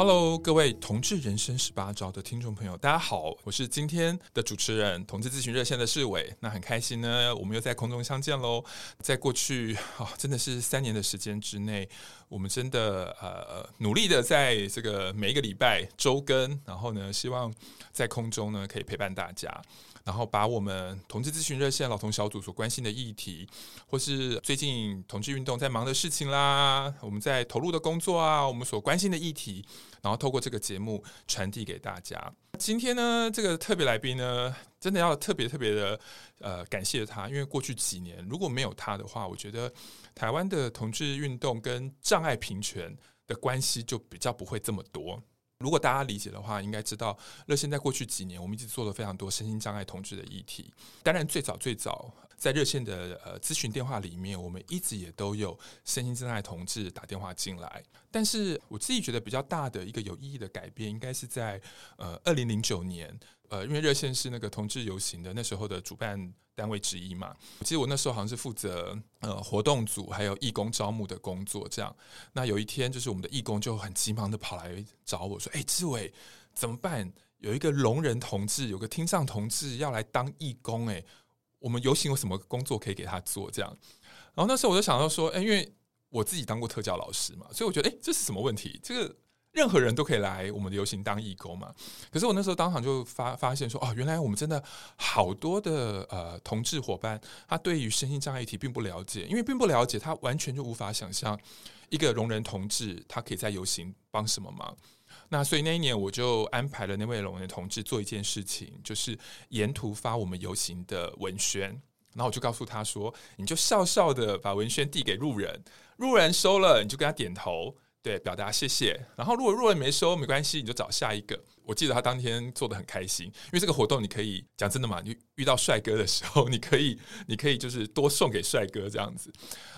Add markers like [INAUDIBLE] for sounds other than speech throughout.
Hello，各位同志人生十八招的聽眾朋友，大家好，我是今天的主持人，同志諮詢熱線的世偉，那很開心呢，我們又在空中相見嘍。在過去啊、哦，真的是三年的時間之內，我們真的呃努力的在這個每一個禮拜週更，然後呢，希望在空中呢可以陪伴大家。然後把我們同志諮詢熱線老同小組所關心的議題，或是最近同志運動在忙的事情啦，我們在投入的工作啊，我們所關心的議題，然後透過這個節目傳遞給大家。今天呢，這個特別來賓呢，真的要特別特別的呃感謝他，因為過去幾年，如果沒有他的話，我覺得台灣的同志運動跟障礙平權的關係就比較不會這麼多。如果大家理解的話，應該知道熱線在過去幾年，我們一直做了非常多身心障礙同志的議題。當然，最早最早在熱線的呃諮詢電話裡面，我們一直也都有身心障礙同志打電話進來。但是，我自己覺得比較大的一個有意義的改變，應該是在呃2009年。呃，因為熱線是那個同志遊行的那時候的主辦單位之一嘛，我記得我那時候好像是負責呃活動組還有義工招募的工作這樣。那有一天，就是我們的義工就很急忙的跑來找我說：“哎、欸，志偉，怎麼辦？有一個聾人同志，有一個聽障同志要來當義工、欸，哎，我們遊行有什麼工作可以給他做？”這樣。然後那時候我就想到說：“哎、欸，因為我自己當過特教老師嘛，所以我覺得，哎、欸，這是什麼問題？這個。”任何人都可以來我們的遊行當義工嘛？可是我那時候當場就發發現說，哦，原來我們真的好多的呃同志夥伴，他對於身心障礙議題並不了解，因為並不了解，他完全就無法想象一個聾人同志他可以在遊行幫什麼忙。那所以那一年我就安排了那位聾人同志做一件事情，就是沿途發我們遊行的文宣。然後我就告訴他說，你就笑笑的把文宣遞給路人，路人收了，你就給他點頭，對，表達謝謝。然後如果，如果路人沒收，沒關係，你就找下一個。我記得他當天做得很開心，因為這個活動你可以講真的嘛，你遇到帥哥的時候，你可以，你可以就是多送給帥哥這樣子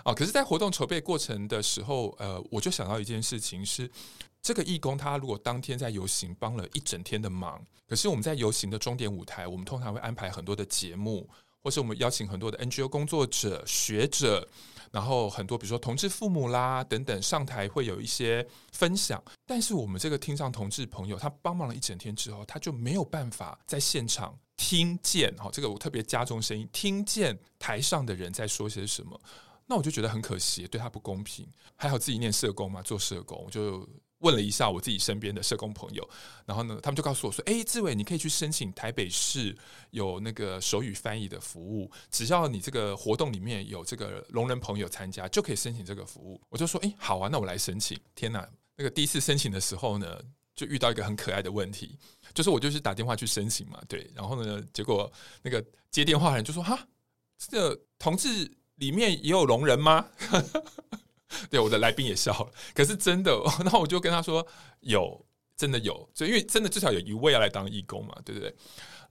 啊。可是，在活動籌備過程的時候，呃，我就想到一件事情是，這個義工他如果當天在游行幫了一整天的忙，可是我們在游行的終點舞台，我們通常會安排很多的節目，或是我們邀請很多的 NGO 工作者、學者。然後很多比如說同志父母啦等等上台會有一些分享，但是我們這個聽障同志朋友他幫忙了一整天之後，他就沒有辦法在現場聽見，嚯，這個我特別加重聲音，聽見台上的人在說些什麼，那我就覺得很可惜，對他不公平。還好自己念社工嘛，做社工就。問了一下我自己身邊的社工朋友，然後呢，他們就告訴我說：“哎，志偉，你可以去申請台北市有那個手語翻譯的服務，只要你這個活動裡面有這個聾人朋友參加，就可以申請這個服務。”我就說：“哎，好啊，那我來申請。”天哪，那個第一次申請的時候呢，就遇到一個很可愛的問題，就是我就是打電話去申請嘛，對，然後呢，結果那個接電話的人就說：“哈，這個同志裡面也有聾人嗎？” [LAUGHS] 對，我的來賓也笑了。可是真的哦，然後我就跟他說，有，真的有。所以因為真的至少有一位要來當義工嘛，對不對？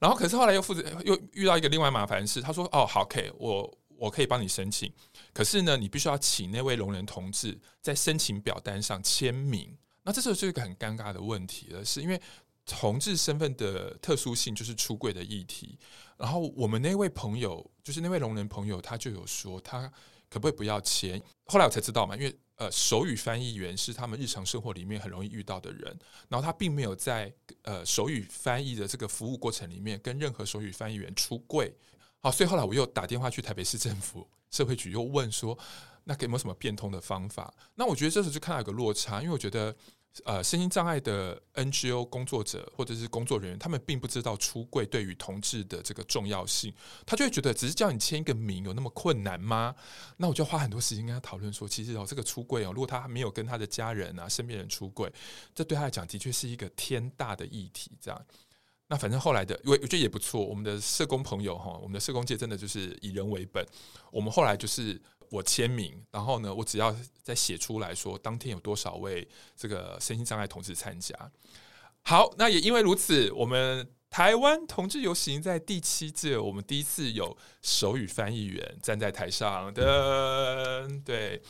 然後，可是後來又負責，又遇到一個另外麻煩事，他說：“哦，好，可以，我我可以幫你申請。可是呢，你必須要請那位聾人同志在申請表單上簽名。那這時候就是一個很尷尬的問題了，是因為同志身份的特殊性就是出櫃的議題。然後我們那位朋友，就是那位聾人朋友，他就有說他。”可不可以不要錢？後來我才知道嘛，因為呃，手語翻譯員是他們日常生活裡面很容易遇到的人，然後他並沒有在呃手語翻譯的這個服務過程裡面跟任何手語翻譯員出櫃。好，所以後來我又打電話去台北市政府社會局，又問說，那有沒有什麼變通的方法？那我覺得這時候就看到一個落差，因為我覺得。呃，身心障礙的 NGO 工作者或者是工作人員，他們並不知道出櫃對於同志的這個重要性，他就會覺得只是叫你簽一個名，有那麼困難嗎？那我就花很多時間跟他討論說，其實哦，這個出櫃哦，如果他沒有跟他的家人啊、身邊人出櫃，這對他來講的確是一個天大的議題。這樣，那反正後來的，因為我覺得也不錯，我們的社工朋友哈、哦，我們的社工界真的就是以人為本。我們後來就是。我簽名，然後呢，我只要再寫出來說，當天有多少位這個身心障礙同志參加。好，那也因為如此，我們台灣同志遊行在第七屆，我們第一次有手語翻譯員站在台上的，對，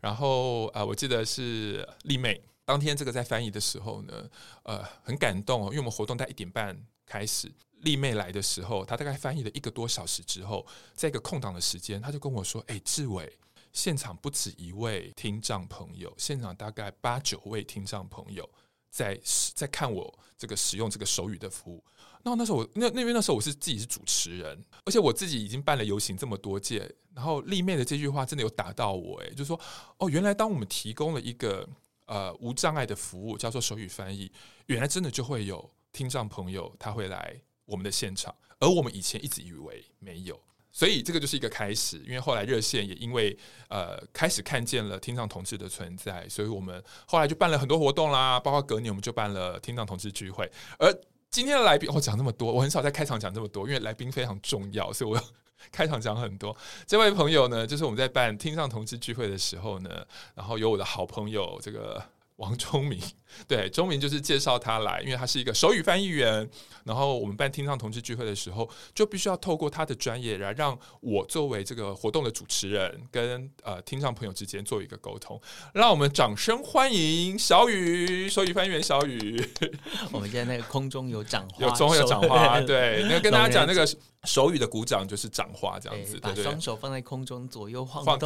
然後啊、呃，我記得是麗妹，當天這個在翻譯的時候呢，呃，很感動，因為我們活動在一點半開始。麗妹來的時候，她大概翻譯了一個多小時之後，在一個空檔的時間，她就跟我說：“哎，志偉，現場不止一位聽障朋友，現場大概八九位聽障朋友在在看我這個使用這個手語的服務。”然後那那時候我那那邊那時候我是自己是主持人，而且我自己已經辦了遊行這麼多屆，然後麗妹的這句話真的有打到我，誒，就是說哦，原來當我們提供了一個呃無障礙的服務，叫做手語翻譯，原來真的就會有聽障朋友他會來。我們的現場，而我們以前一直以為沒有，所以這個就是一個開始。因為後來熱線也因為呃開始看見了聽障同志的存在，所以我們後來就辦了很多活動啦，包括隔年我們就辦了聽障同志聚會。而今天的來賓，我、哦、講這麼多，我很少在開場講這麼多，因為來賓非常重要，所以我 [LAUGHS] 開場講很多。這位朋友呢，就是我們在辦聽障同志聚會的時候呢，然後有我的好朋友這個王聰明。對，鍾明就是介紹他來，因為他是一個手語翻譯員。然後我們辦聽障同志聚會的時候，就必須要透過他的專業，來讓我作為這個活動的主持人，跟呃聽障朋友之間做一個溝通。讓我們掌聲歡迎小宇，手語翻譯員小宇。我們現在那個空中有掌花，有中有掌花。對，對對那個、跟大家講那個手語的鼓掌就是掌花這樣子、哎，把雙手放在空中左右晃動，晃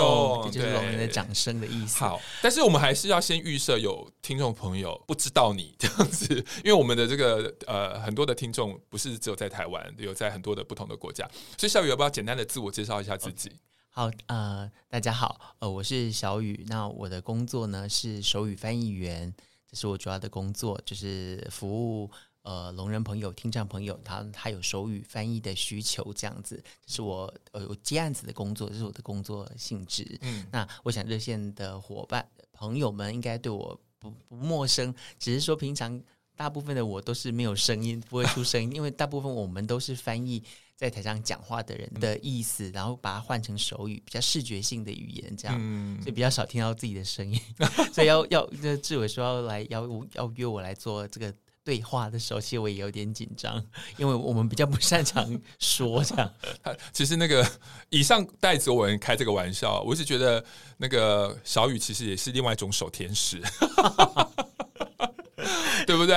動就，就是我們的掌聲的意思。好，但是我們還是要先預設有聽眾朋友。不知道你這樣子，因為我們的這個呃，很多的聽眾不是只有在台灣，有在很多的不同的國家，所以小宇要不要簡單的自我介紹一下自己？Okay. 好，呃，大家好，呃，我是小宇，那我的工作呢是手語翻譯員，這是我主要的工作，就是服務呃聾人朋友、聽障朋友，他他有手語翻譯的需求這樣子，就是我呃接案子的工作，這是我的工作的性質。嗯，那我想熱線的夥伴朋友們應該對我不不陌生，只是說平常大部分的我都是沒有聲音，不會出聲音，因為大部分我們都是翻譯在台上講話的人的意思，嗯、然後把它換成手語，比較視覺性的語言，這樣就、嗯、比較少聽到自己的聲音， [LAUGHS] 所以要要志偉說要來要要約我來做這個。對話的時候，其實我也有點緊張，因為我們比較不擅長說這樣。其實那個以上帶着我開這個玩笑，我一直覺得那個小宇其實也是另外一種手天使，對不對？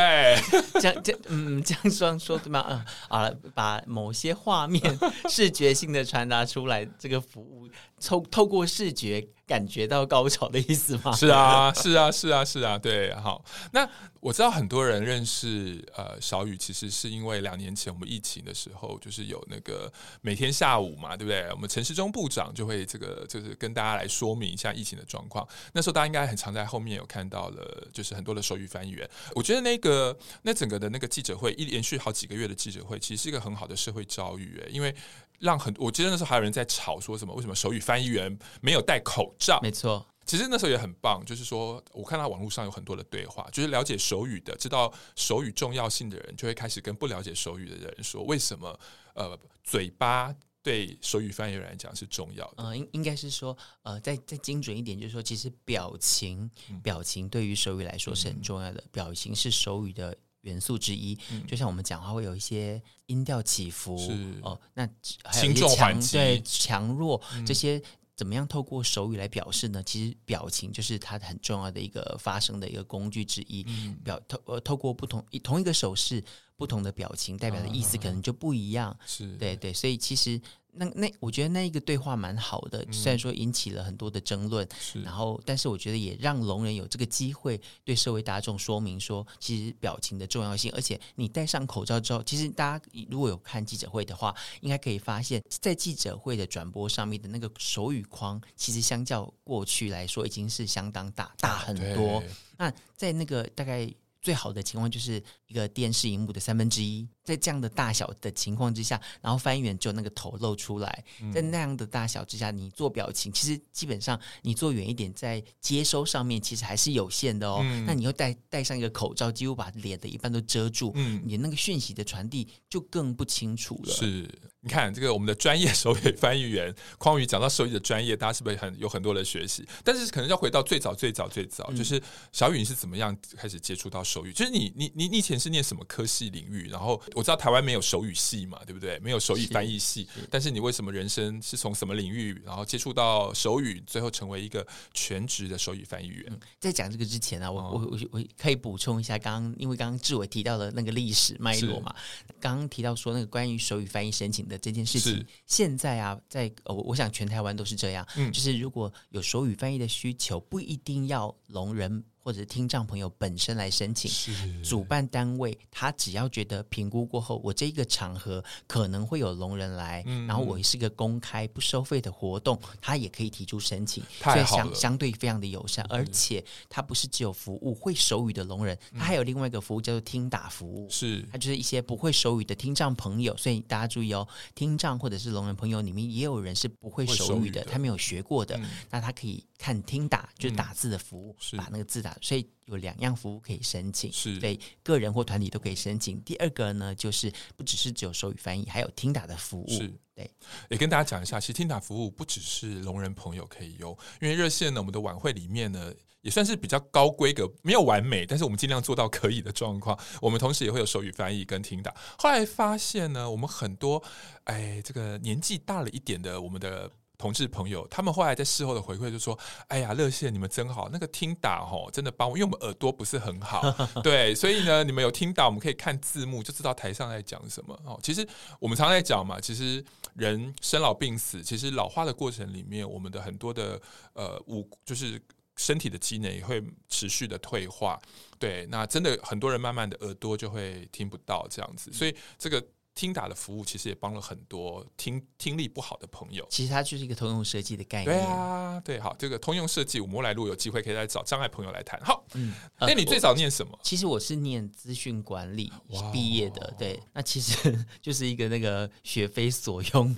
[LAUGHS] 這樣這樣嗯，這樣說說對嗎？啊、嗯，把某些畫面視覺性的傳達出來， [LAUGHS] 這個服務透透過視覺。感覺到高潮的意思嗎？是啊，是啊，是啊，是啊，對，好。那我知道很多人認識呃小宇，其實是因為兩年前我們疫情的時候，就是有那個每天下午嘛，對不對？我們陳時中部長就會這個就是跟大家來說明一下疫情的狀況。那時候大家應該很常在後面有看到了，就是很多的手語翻譯員。我覺得那個那整個的那個記者會，一連續好幾個月的記者會，其實是一個很好的社會教育誒、欸，因為。讓很，我記得那時候還有人在吵說什麼，為什麼手語翻譯員沒有戴口罩？沒錯，其實那時候也很棒，就是說，我看到網絡上有很多的對話，就是了解手語的，知道手語重要性的人，就會開始跟不了解手語的人說，為什麼呃，嘴巴對手語翻譯員來講是重要的？嗯，呃，應應該是說，呃，再再精準一點，就是說，其實表情，表情對於手語來說是很重要的，嗯，表情是手語的。元素之一，嗯、就像我們講話會有一些音調起伏，哦是、呃，那還有強、對、強弱、嗯、這些，怎麼樣透過手語來表示呢？其實表情就是它很重要的一個發聲的一個工具之一。嗯、表透、呃、透過不同同一個手勢，不同的表情、嗯、代表的意思可能就不一樣。是、嗯，對，對對，所以其實。那那，我覺得那一個對話蠻好的，嗯、雖然說引起了很多的爭論，是然後但是我覺得也讓聾人有這個機會對社會大眾說明說，其實表情的重要性。而且你戴上口罩之後，其實大家如果有看記者會的話，應該可以發現，在記者會的轉播上面的那個手語框，其實相較過去來說已經是相當大，大很多。對對對，那在那個大概。最好的情況就是一個電視熒幕的三分之一，在這樣的大小的情況之下，然後翻譯員就那個頭露出來，嗯、在那樣的大小之下，你做表情其實基本上你坐遠一點，在接收上面其實還是有限的哦。嗯、那你又戴、戴上一個口罩，幾乎把臉的一半都遮住，嗯、你的那個訊息的傳遞就更不清楚了。是。你看這個我們的專業手語翻譯員匡宇講到手語的專業，大家是不是很有很多人學習？但是可能要回到最早最早最早，嗯、就是小宇，你是怎麼樣開始接觸到手語？就是你你你以前是念什麼科系領域？然後我知道台灣沒有手語系嘛，對不對？沒有手語翻譯系，是是，但是你為什麼人生是從什麼領域然後接觸到手語，最後成為一個全職的手語翻譯員？嗯、在講這個之前啊，我我我我可以補充一下剛剛，剛剛因為剛剛志偉提到的那個歷史脈絡嘛，剛剛是提到說那個關於手語翻譯申請。的這件事情，是現在啊，在呃，我想全台灣都是這樣，嗯、就是如果有手語翻譯的需求，不一定要聾人。或者是聽障朋友本身來申請，是主辦單位他只要覺得評估過後，我這一個場合可能會有聾人來，嗯、然後我是個公開不收費的活動，他也可以提出申請，所以相相對非常的友善。嗯、而且他不是只有服務會手語的聾人，嗯、他還有另外一個服務叫做聽打服務，是他就是一些不會手語的聽障朋友。所以大家注意哦，聽障或者是聾人朋友裡面也有人是不會手語的，會手語的他沒有學過的，嗯、那他可以看聽打，就是打字的服務，嗯、是把那個字打。所以有兩樣服務可以申請，是對個人或團體都可以申請。第二個呢，就是不只是只有手語翻譯，還有聽打的服務。是對，也跟大家講一下，其實聽打服務不只是聾人朋友可以用，因為熱線呢，我們的晚會裡面呢，也算是比較高規格，沒有完美，但是我們盡量做到可以的狀況。我們同時也會有手語翻譯跟聽打。後來發現呢，我們很多哎，這個年紀大了一點的，我們的。同志朋友，他們後來在事後的回饋就說：“哎呀，熱線你們真好，那個聽打吼、哦、真的幫我，因為我們耳朵不是很好， [LAUGHS] 對，所以呢，你們有聽到，我們可以看字幕就知道台上在講什麼哦。其實我們常在講嘛，其實人生老病死，其實老化的過程裡面，我們的很多的呃五就是身體的機能也會持續的退化，對，那真的很多人慢慢的耳朵就會聽不到這樣子，所以這個。”聽打的服務其實也幫了很多聽聽力不好的朋友。其實它就是一個通用設計的概念。對啊，對，好，這個通用設計，我們未來如果有機會可以再找障礙朋友來談。好，那、嗯呃、你最早念什麼？其實我是念資訊管理 Wow. 畢業的，對，那其實就是一個那個學非所用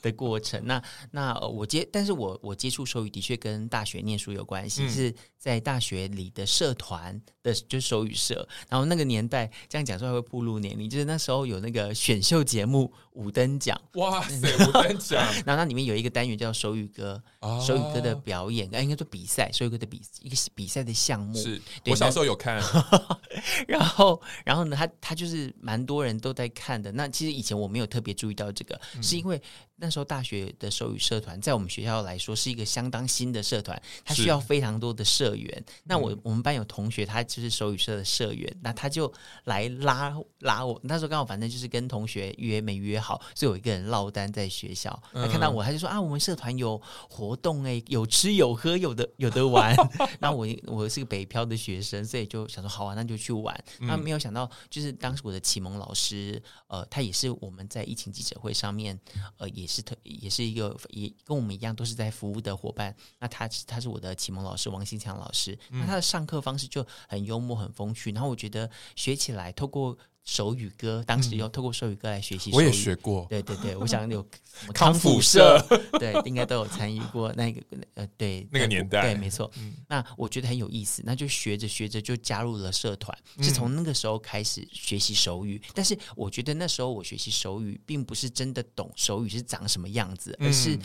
的過程。 [LAUGHS] 那那我接，但是我我接觸手語的確跟大學念書有關係，嗯、是在大學裡的社團的就是、手語社。然後那個年代這樣講說還會暴露年齡，就是那時候有那個選。秀節目。五燈獎，哇塞，後五燈獎！然後它裡面有一個單元叫手語歌，哦、手語歌的表演，呃，應該說比賽，手語歌的比一個比賽的項目。是對我小時候有看，然後，然後呢，他他就是蠻多人都在看的。那其實以前我沒有特別注意到這個，嗯、是因為那時候大學的手語社團在我們學校來說是一個相當新的社團，他需要非常多的社員。是那我、嗯、我們班有同學，他就是手語社的社員，那他就來拉拉我。那時候剛好，反正就是跟同學約沒約好。所以我一個人落單在學校，他、嗯嗯、看到我，他就說啊，我們社團有活動哎，有吃有喝，有的有的玩。那 [LAUGHS] 我我是個北漂的學生，所以就想說好啊，那就去玩。那、嗯、沒有想到，就是當時我的啟蒙老師，呃，他也是我們在疫情記者會上面，呃，也是也是一個也跟我們一樣都是在服務的夥伴。那他他是我的啟蒙老師王新強老師，那他的上課方式就很幽默很風趣，然後我覺得學起來透過。手語歌，當時有透過手語歌來學習手語。我也學過，對對對，我想有康復社， [LAUGHS] 康復社對，應該都有參與過那個呃，對那個年代對，對，沒錯。那我覺得很有意思，那就學着學着就加入了社團，嗯、是從那個時候開始學習手語。但是我覺得那時候我學習手語，並不是真的懂手語是長什麼樣子，嗯、而是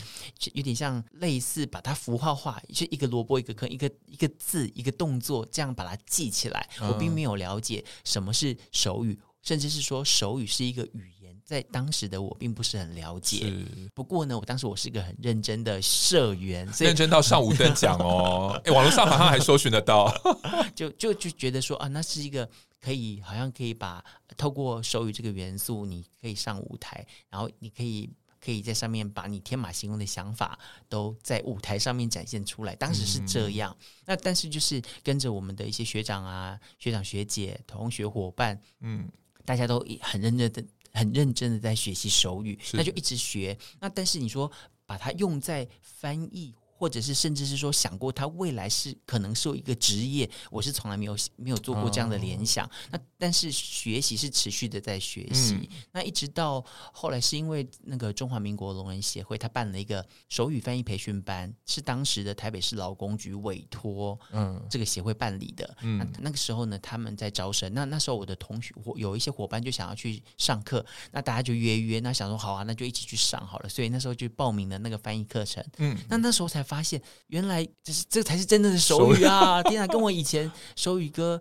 有點像類似把它符號化，化，是一個蘿蔔一個坑，一個一個字一個動作這樣把它記起來。嗯、我並沒有了解什麼是手語。甚至是說手語是一個語言，在當時的我並不是很了解。是不過呢，我當時我是一個很認真的社員，認真到上午在講哦。哎、 [LAUGHS] 欸，網絡上好像還搜尋得到， [LAUGHS] 就就就覺得說啊，那是一個可以好像可以把透過手語這個元素，你可以上舞台，然後你可以可以在上面把你天馬行空的想法都在舞台上面展現出來。當時是這樣。嗯、那但是就是跟着我們的一些學長啊、學長學姐、同學伙伴，嗯。大家都很認真的，很認真的在學習手語，是的 那就一直學。那但是你說把它用在翻譯。或者是甚至是說想過他未來是可能是一個職業，我是從來沒有沒有做過這樣的聯想。哦、那但是學習是持續的在學習。嗯、那一直到後來是因為那個中華民國聾人協會，他辦了一個手語翻譯培訓班，是當時的台北市勞工局委託嗯這個協會辦理的。嗯那，那個時候呢，他們在招生。那那時候我的同學，我有一些夥伴就想要去上課，那大家就約約，那想說好啊，那就一起去上好了。所以那時候就報名了那個翻譯課程。嗯，那那時候才。發現原來這是這才是真正的手語啊！天手語 啊，跟我以前手語歌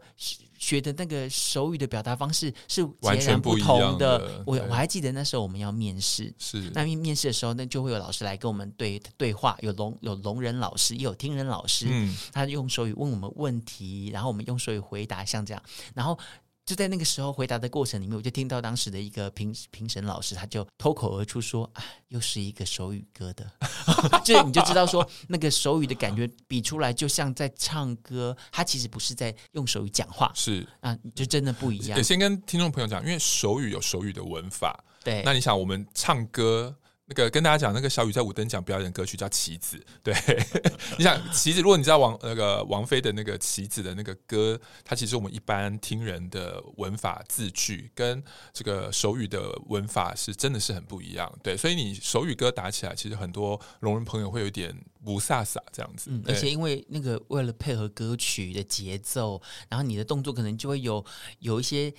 學的那個手語的表達方式是截然不同的。的我對我還記得那時候我們要面試，是那面試的時候呢，那就會有老師來跟我們對對話，有聾有聾人老師，也有聽人老師，嗯，他用手語問我們問題，然後我們用手語回答，像這樣，然後。就在那個時候回答的過程裡面，我就聽到當時的一個評評審老師，他就脫口而出說：“啊，又是一個手語歌的。” [LAUGHS] 就你就知道說那個手語的感覺比出來就像在唱歌，他其實不是在用手語講話，是啊，就真的不一樣。先跟聽眾朋友講，因為手語有手語的文法，對，那你想我們唱歌。那個跟大家講，那個小宇在五燈獎表演的歌曲叫《棋子》。對， [LAUGHS] 你想《棋子》，如果你知道王那個王菲的那個《棋子》的那個歌，它其實我們一般聽人的文法字句，跟這個手語的文法是真的是很不一樣。對，所以你手語歌打起來，其實很多聾人朋友會有點霧煞煞這樣子。嗯、對而且因為那個為了配合歌曲的節奏，然後你的動作可能就會有有一些。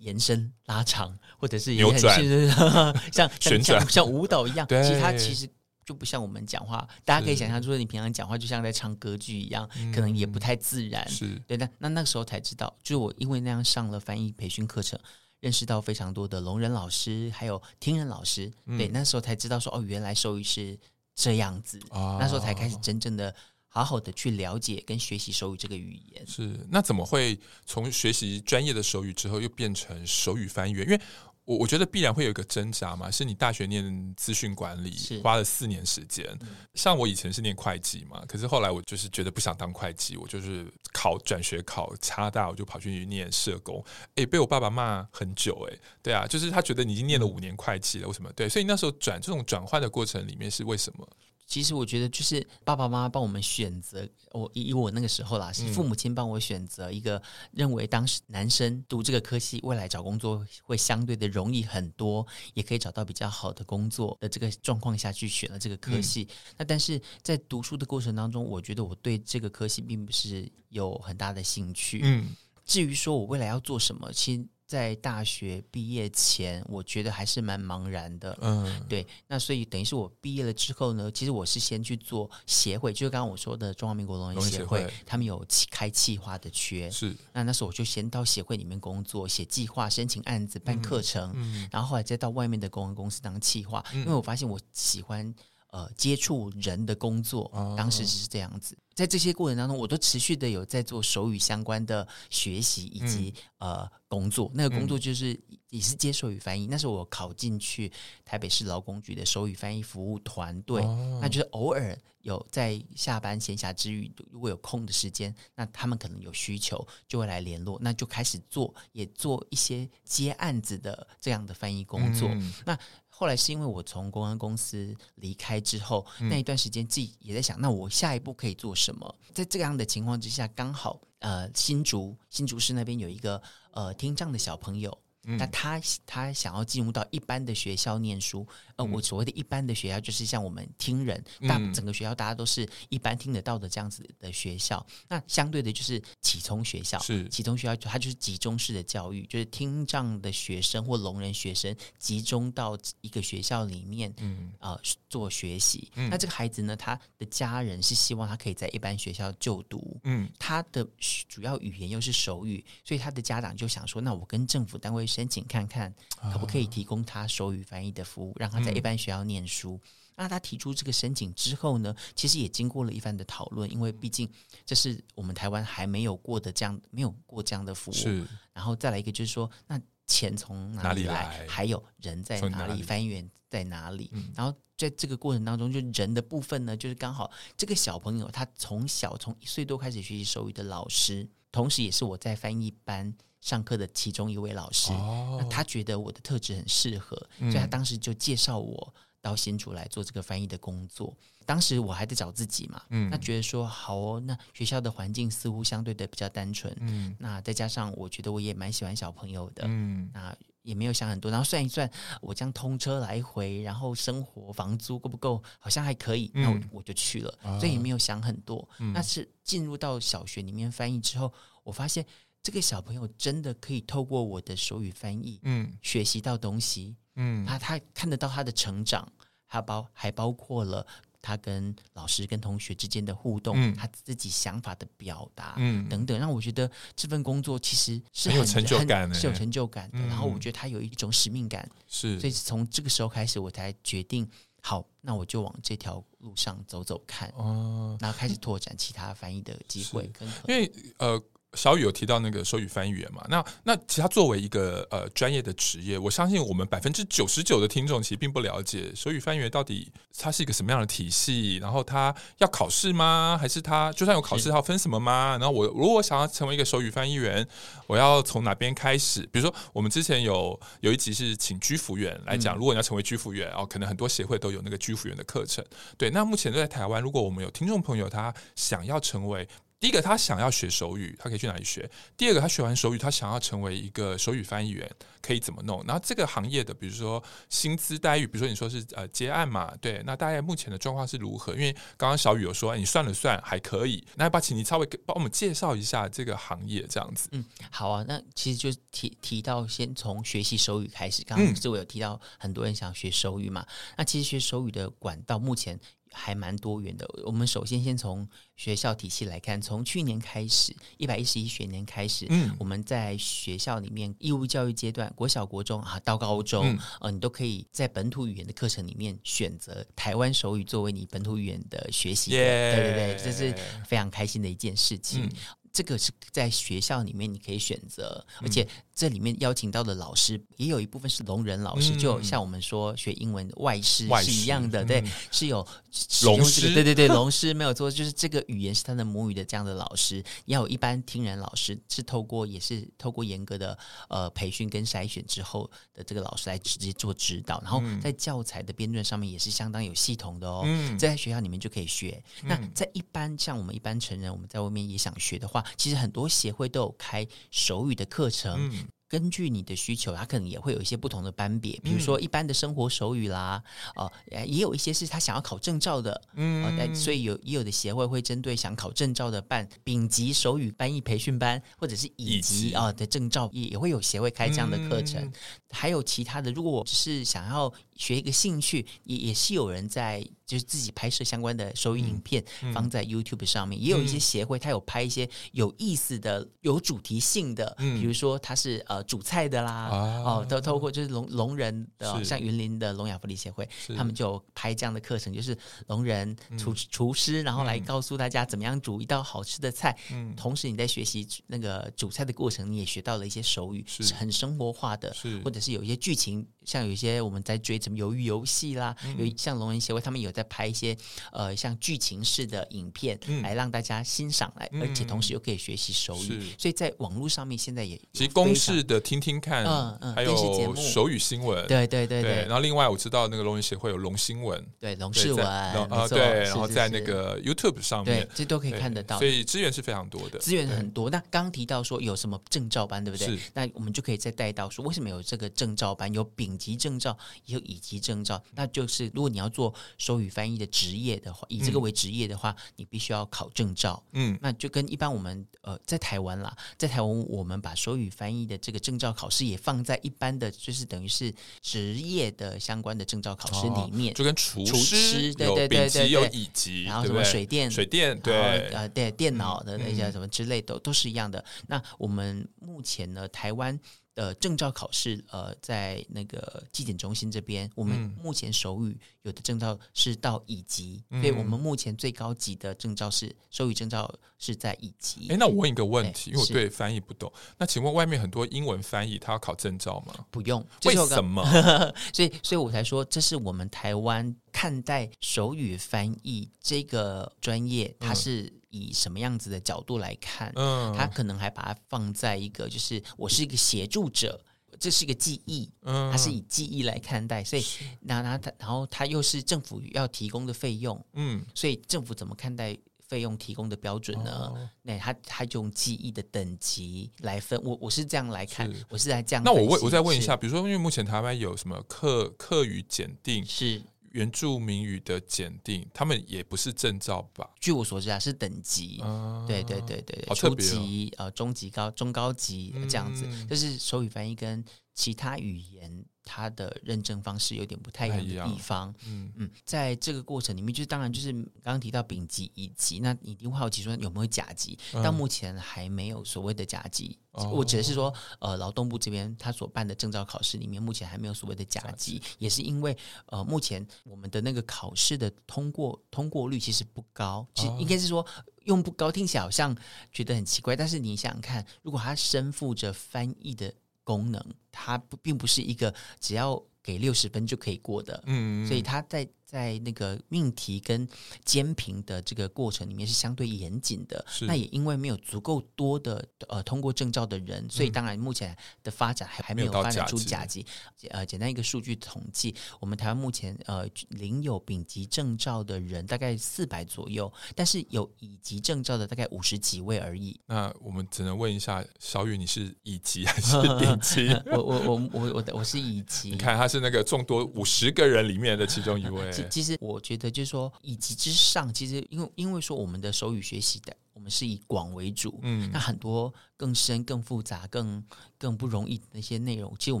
延伸拉長，或者是延很轉 [LAUGHS] 像旋轉，像像像舞蹈一樣。對，它其、其實就不像我們講話。是大家可以想象，就是你平常講話，就像在唱歌劇一樣，嗯、可能也不太自然。是對那那個時候才知道，就是我因為那樣上了翻譯培訓課程，認識到非常多的聾人老師，還有聽人老師。嗯、對，那時候才知道說，哦，原來手語是這樣子。啊、那時候才開始真正的。好好的去了解跟學習手語這個語言。是那怎麼會從學習專業的手語之後又變成手語翻譯員？因為我我覺得必然會有一個掙扎嘛，是你大學念資訊管理，是花了四年時間。嗯、像我以前是念會計嘛，可是後來我就是覺得不想當會計，我就是考轉學考插大，我就跑去念社工。誒，被我爸爸罵很久誒、欸，對啊，就是他覺得你已經念了五年會計了，為、嗯、什麼？對，所以那時候轉這種轉換的過程裡面是為什麼？其實我覺得就是爸爸媽媽幫我們選擇，我以我那個時候啦，是父母親幫我選擇一個、嗯、認為當時男生讀這個科系，未來找工作會相對的容易很多，也可以找到比較好的工作的這個狀況下去選了這個科系。嗯、那但是在讀書的過程當中，我覺得我對這個科系並不是有很大的興趣。嗯，至於說我未來要做什麼，其實。在大學畢業前，我覺得還是蠻茫然的。嗯，對。那所以等於是我畢業了之後呢，其實我是先去做協會，就是剛剛我說的中華民國聾人協會，協會他們有開企劃的缺。是。那那時候我就先到協會裡面工作，寫計劃、申請案子、辦課程，嗯嗯、然後後來再到外面的公關公司當企劃，嗯、因為我發現我喜歡呃接觸人的工作，當時只是這樣子。嗯在這些過程當中，我都持續的有在做手語相關的學習以及、嗯、呃工作。那個工作就是也是接手語翻譯。嗯、那時候我考進去台北市勞工局的手語翻譯服務團隊，哦、那就是偶爾有在下班閒暇之餘，如果有空的時間，那他們可能有需求就會來聯絡，那就開始做也做一些接案子的這樣的翻譯工作。嗯、那後來是因為我從公關公司離開之後，嗯、那一段時間自己也在想，那我下一步可以做什麼？在這樣的情況之下，剛好呃，新竹新竹市那邊有一個呃聽障的小朋友。嗯、那他他想要進入到一般的學校念書，呃，嗯、我所謂的一般的學校就是像我們聽人，大、嗯、整個學校大家都是一般聽得到的這樣子的學校。那相對的，就是啟聰學校，啟聰是學校它就是集中式的教育，就是聽障的學生或聾人學生集中到一個學校裡面，嗯啊、呃、做學習。嗯、那這個孩子呢，他的家人是希望他可以在一般學校就讀，嗯，他的主要語言又是手語，所以他的家長就想說，那我跟政府單位是。申請看看可不可以提供他手語翻譯的服務，啊、讓他在一般學校念書。嗯、那他提出這個申請之後呢，其實也經過了一番的討論，因為畢竟這是我們台灣還沒有過的這樣沒有過這樣的服務。是然後再來一個就是說，那錢從哪裡來？裡來還有人在哪裡？哪裡翻譯員在哪裡？嗯、然後在這個過程當中，就人的部分呢，就是剛好這個小朋友他從小他從一歲多開始學習手語的老師。同時也是我在翻譯班上課的其中一位老師，哦、那他覺得我的特質很適合，嗯、所以他當時就介紹我到新竹來做這個翻譯的工作。當時我還在找自己嘛，嗯，他覺得說好哦，那學校的環境似乎相對的比較單純，嗯，那再加上我覺得我也蠻喜歡小朋友的，嗯，那。也沒有想很多，然後算一算，我將通車來回，然後生活房租夠不夠，好像還可以，嗯、那我就去了，嗯、所以也沒有想很多。但、嗯、是進入到小學裡面翻譯之後，我發現這個小朋友真的可以透過我的手語翻譯，嗯、學習到東西，嗯、他他看得到他的成長，還包還包括了。他跟老師、跟同學之間的互動，嗯、他自己想法的表達，等等，嗯、讓我覺得這份工作其實是很有成就感的、欸，是有成就感的。嗯、然後我覺得他有一種使命感，是、嗯，所以從這個時候開始，我才決定，是好，那我就往這條路上走走看，哦，然後開始拓展其他翻譯的機會，是因為呃。小宇有提到那個手語翻譯員嘛？那那其他作為一個呃專業的職業，我相信我們百分之九十九的聽眾其實並不了解手語翻譯員到底他是一個什麼樣的體系，然後他要考試嗎？還是他就算有考試他要分什麼嗎？是然後我如果我想要成為一個手語翻譯員，我要從哪邊開始？比如說我們之前有有一集是請居服員來講，嗯、如果你要成為居服員哦，可能很多協會都有那個居服員的課程。對，那目前在台灣，如果我們有聽眾朋友他想要成為。第一個，他想要學手語，他可以去哪裡學？第二個，他學完手語，他想要成為一個手語翻譯員，可以怎麼弄？然後這個行業的，比如說薪資待遇，比如說你說是呃接案嘛，對，那大概目前的狀況是如何？因為剛剛小宇有說，你算了算還可以，那把請你稍微幫我們介紹一下這個行業這樣子。嗯，好啊，那其實就提提到先從學習手語開始，剛剛是我有提到很多人想學手語嘛，嗯、那其實學手語的管道目前還蠻多元的。我們首先先從學校體系來看，從去年開始，一百一十一學年開始，嗯，我們在學校裡面義務教育階段，國小、國中啊，到高中，嗯，呃，你都可以在本土語言的課程裡面選擇台灣手語作為你本土語言的學習。Yeah 對對對，這是非常開心的一件事情。嗯這個是在學校裡面你可以選擇，而且這裡面邀請到的老師、嗯、也有一部分是聾人老師，嗯、就像我們說學英文的外師是一樣的，外師、對，嗯、是有、這個、聾師，對對對，聾師沒有錯，就是這個語言是他的母語的這樣的老師，也有一般聽人老師是透過也是透過嚴格的呃培訓跟篩選之後的這個老師來直接做指導，然後在教材的編撰上面也是相當有系統的哦，嗯，在學校裡面就可以學，嗯、那在一般像我們一般成人，我們在外面也想學的話。其實很多協會都有開手語的課程，嗯、根據你的需求，他可能也會有一些不同的班別，比如說一般的生活手語啦，哦、嗯呃，也有一些是他想要考證照的，嗯、呃，所以有也有的協會會針對想考證照的辦丙級手語翻譯培訓班，或者是乙級啊一級、呃、的證照，也也會有協會開這樣的課程。嗯、還有其他的，如果我只是想要。學一個興趣也也是有人在就是自己拍攝相關的手語影片放在 YouTube 上面，也有一些協會他有拍一些有意思的有主題性的，比如說它是呃煮菜的啦，哦，都透過就是聾聾人的，像雲林的聾啞福利協會，他們就拍這樣的課程，就是聾人廚廚師，然後來告訴大家怎麼樣煮一道好吃的菜，同時你在學習那個煮菜的過程，你也學到了一些手語，是很生活化的，或者是有一些劇情。像有一些我們在追什麼，魷魚遊戲啦，有像聾人協會，他們有在拍一些呃像劇情式的影片，來讓大家欣賞，來而且同時又可以學習手語，所以在網絡上面現在也其實公視的聽聽看，嗯嗯，還有手語新聞，對對對對，然後另外我知道那個聾人協會有聾新聞，對，聾新聞啊對，然後在那個 YouTube 上面，這都可以看得到，所以資源是非常多的，資源很多。那剛提到說有什麼證照班，對不對？那我們就可以再帶到說，為什麼有這個證照班？有丙。丙級證照也有乙級證照，那就是如果你要做手語翻譯的職業的話，以這個為職業的話，嗯、你必須要考證照。嗯，那就跟一般我們呃在台灣啦，在台灣我們把手語翻譯的這個證照考試也放在一般的就是等於是職業的相關的證照考試裡面，哦，就跟廚師、廚師，對對對對對，有丙級有乙級，然後什麼水電，對對水電對啊，呃、對電腦的那些什麼之類的，嗯、都是一樣的。那我們目前呢，台灣。呃，證照考試呃，在那個技檢中心這邊，我們目前手語有的證照是到乙級，嗯、所以我們目前最高級的證照是手語證照是在乙級。誒，那我問一個問題，因為我對翻譯不懂，是那請問外面很多英文翻譯他要考證照嗎？不用，為什麼？ [LAUGHS] 所以，所以我才說，這是我們台灣看待手語翻譯這個專業，嗯、它是。以什麼樣子的角度來看，嗯，他可能還把它放在一個，就是我是一個協助者，這是一個記憶，嗯，他是以記憶來看待，所以，是然後他，然後他又是政府要提供的費用，嗯，所以政府怎麼看待費用提供的標準呢？那、哦嗯、他他用記憶的等級來分，我我是這樣來看，是我是在這樣。那我問，我再問一下，是比如說，因為目前台灣有什麼客客語檢定是。原住民語的檢定，他們也不是證照吧？據我所知啊，是等級，啊、對對對對初級、特哦呃、中級、高、中高級這樣子，嗯、就是手語翻譯跟其他語言它的認證方式有點不太一樣的地方，哎、嗯嗯，在這個過程裡面，就是當然就是剛剛提到丙級乙級，那你一定會好奇說有沒有甲級？到、嗯、目前還沒有所謂的甲級，嗯、我指的是說，呃，勞動部這邊他所辦的證照考試裡面，目前還沒有所謂的甲級，嗯、甲級也是因為呃，目前我們的那個考試的通過通過率其實不高，其實、嗯、應該是說用不高聽起來好像覺得很奇怪，但是你想想看，如果他身負着翻譯的。功能，它並不是一個只要給六十分就可以過的，嗯，嗯，所以它在，在那個命題跟監評的這個過程裡面是相對嚴謹的，是那也因為沒有足夠多的呃通過證照的人，嗯、所以當然目前的發展還還沒有發展出甲級。甲級呃，簡單一個數據統計，我們台灣目前呃領有丙級證照的人大概四百左右，但是有乙級證照的大概五十幾位而已。那我們只能問一下小宇，你是乙級還是丙級？ [LAUGHS] 我我我我我我是乙級。你看他是那個眾多五十個人裡面的其中一位。 [LAUGHS] 其實我覺得，就是說以及之上，其實因為因為說我們的手語學習的。我們是以廣為主，嗯，那很多更深、更複雜、更更不容易那些內容，其實我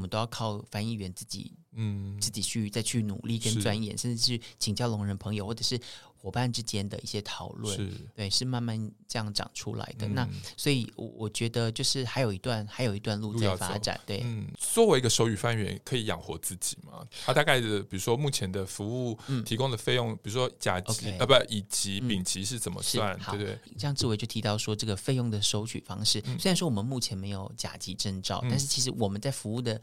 們都要靠翻譯員自己，嗯，自己去再去努力跟專研，甚至去請教聾人朋友或者是夥伴之間的一些討論，對，是慢慢這樣長出來的。那所以，我我覺得就是還有一段，還有一段路在發展，對。嗯，作為一個手語翻譯員，可以養活自己嘛？他大概的，比如說目前的服務提供的費用，比如說甲級啊，不，乙級丙級是怎麼算？對對，這樣。思維就提到說，這個費用的收取方式，雖然說我們目前沒有甲級證照，但是其實我們在服務的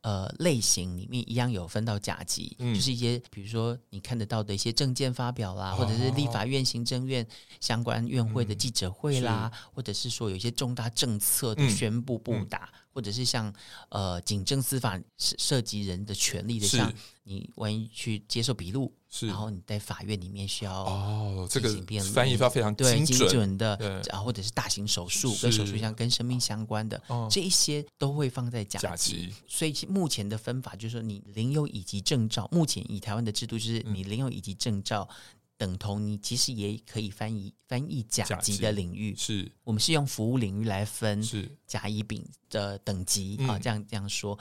呃類型裡面一樣有分到甲級，嗯、就是一些比如說你看得到的一些政見發表啦，哦、或者是立法院、行政院相關院會的記者會啦，嗯、或者是說有一些重大政策的宣布布達。嗯嗯或者是像呃，警政、司法涉、涉及人的權利的，是像你萬一去接受筆錄，是然後你在法院裡面需要哦，這個翻譯法非常精、嗯、對精準的，然後對、啊、或者是大型手術是跟手術，像跟生命相關的，哦、這一些都會放在甲級。甲級，所以目前的分法就是說，你領有乙級證照，目前以台灣的制度就是你領有乙級證照。嗯等同，你其實也可以翻譯翻譯甲級的領域，是，我們是用服務領域來分，是甲、乙、丙的等級啊，嗯哦，這樣這樣說。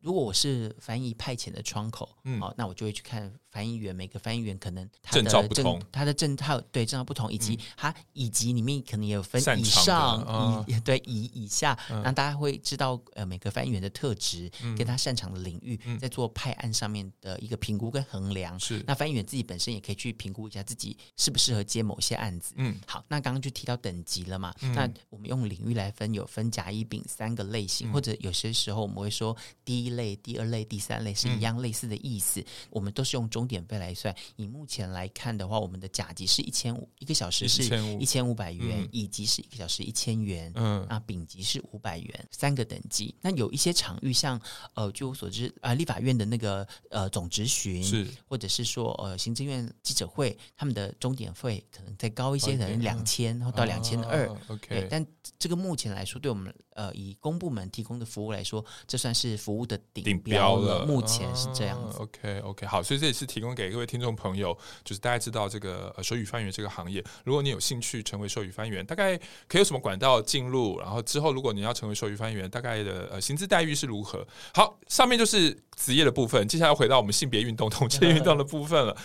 如果我是翻譯派遣的窗口，好，那我就會去看翻譯員，每個翻譯員可能他的證照不同，他的證照對證照不同，以及他以及裡面可能也有分以上以對以以下，那大家會知道呃每個翻譯員的特質，跟他擅長的領域，在做派案上面的一個評估跟衡量。是，那翻譯員自己本身也可以去評估一下自己適不適合接某些案子。嗯，好，那剛剛就提到等級了嘛，那我們用領域來分，有分甲乙丙三個類型，或者有些時候我們會說第一類第二類第三類是一樣類似的意思，嗯、我們都是用鐘點費來算。以目前來看的話，我們的甲級是一千五一個小時是一千五百元，乙級、嗯、是一個小時一千元，嗯，啊，丙級是五百元，三個等級。嗯、那有一些場域像，像呃，據我所知啊、呃，立法院的那個呃總質詢，是或者是說呃行政院記者會，他們的鐘點費可能再高一些，啊、可能兩千到兩千二。OK，對但這個目前來說，對我們。呃，以公部門提供的服務來說，這算是服務的頂頂標了。標了，目前是這樣子。啊。OK OK，好，所以這也是提供給各位聽眾朋友，就是大家知道這個呃，手語翻譯這個行業，如果你有興趣成為手語翻譯員，大概可以有什麼管道進入？然後之後，如果你要成為手語翻譯員，大概的呃，薪資待遇是如何？好，上面就是職業的部分，接下來回到我們性別運動、同志運動的部分了。呵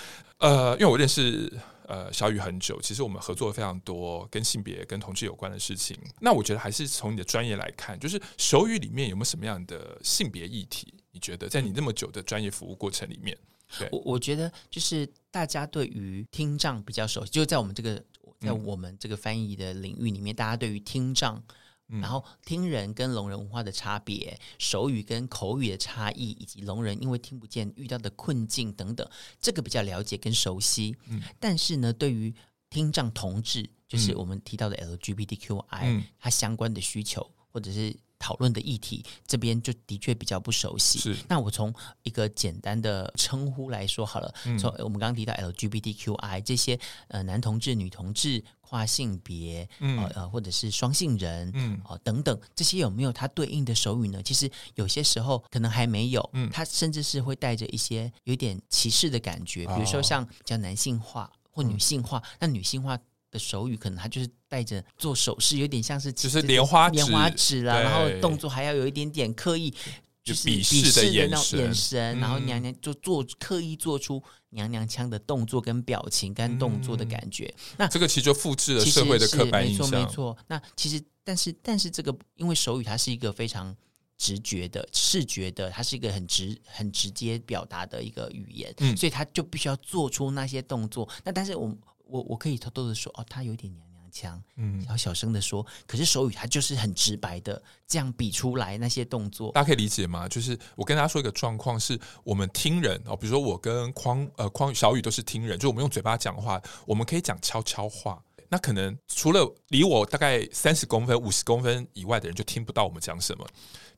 呵呃，因為我認識。呃，小宇很久，其實我們合作了非常多跟性別跟同志有關的事情。那我覺得還是從你的專業來看，就是手語裡面有沒有什麼樣的性別議題？你覺得在你這麼久的專業服務過程裡面，對。我我覺得就是大家對於聽障比較熟悉，就在我們這個在我們這個翻譯的領域裡面，大家對於聽障。然後聽人跟聾人文化的差別，手語跟口語的差異，以及聾人因為聽不見遇到的困境等等，這個比較了解跟熟悉。嗯，但是呢，對於聽障同志，就是我們提到的 LGBTQI，嗯，它相關的需求或者是。討論的議題這邊就的確比較不熟悉。是，那我從一個簡單的稱呼來說好了。嗯、從我們剛剛提到 LGBTQI 這些呃男同志、女同志、跨性別，嗯呃或者是雙性人，嗯、呃、等等這些有沒有它對應的手語呢？其實有些時候可能還沒有。嗯、它甚至是會帶着一些有點歧視的感覺，哦、比如說像比較男性化或女性化，那、嗯、女性化。的手語可能他就是帶着做手勢，有點像是、這個、就是蘭花指，蘭花指啦，對然後動作還要有一點點刻意，就是鄙視的眼神，眼神、嗯，然後娘娘就做刻意做出娘娘腔的動作跟表情跟動作的感覺。嗯、那這個其實就複製了社會的刻板印象。沒錯，沒錯，那其實但是但是這個因為手語它是一個非常直覺的視覺的，它是一個很直很直接表達的一個語言，嗯、所以它就必須要做出那些動作。那但是我們。我我可以偷偷的說，哦，他有點娘娘腔，嗯，然後小聲的說，可是手語他就是很直白的這樣比出來那些動作，大家可以理解嗎？就是我跟大家說一個狀況，是我們聽人哦，比如說我跟匡呃匡小宇都是聽人，就我們用嘴巴講話，我們可以講悄悄話，那可能除了離我大概三十公分、五十公分以外的人，就聽不到我們講什麼。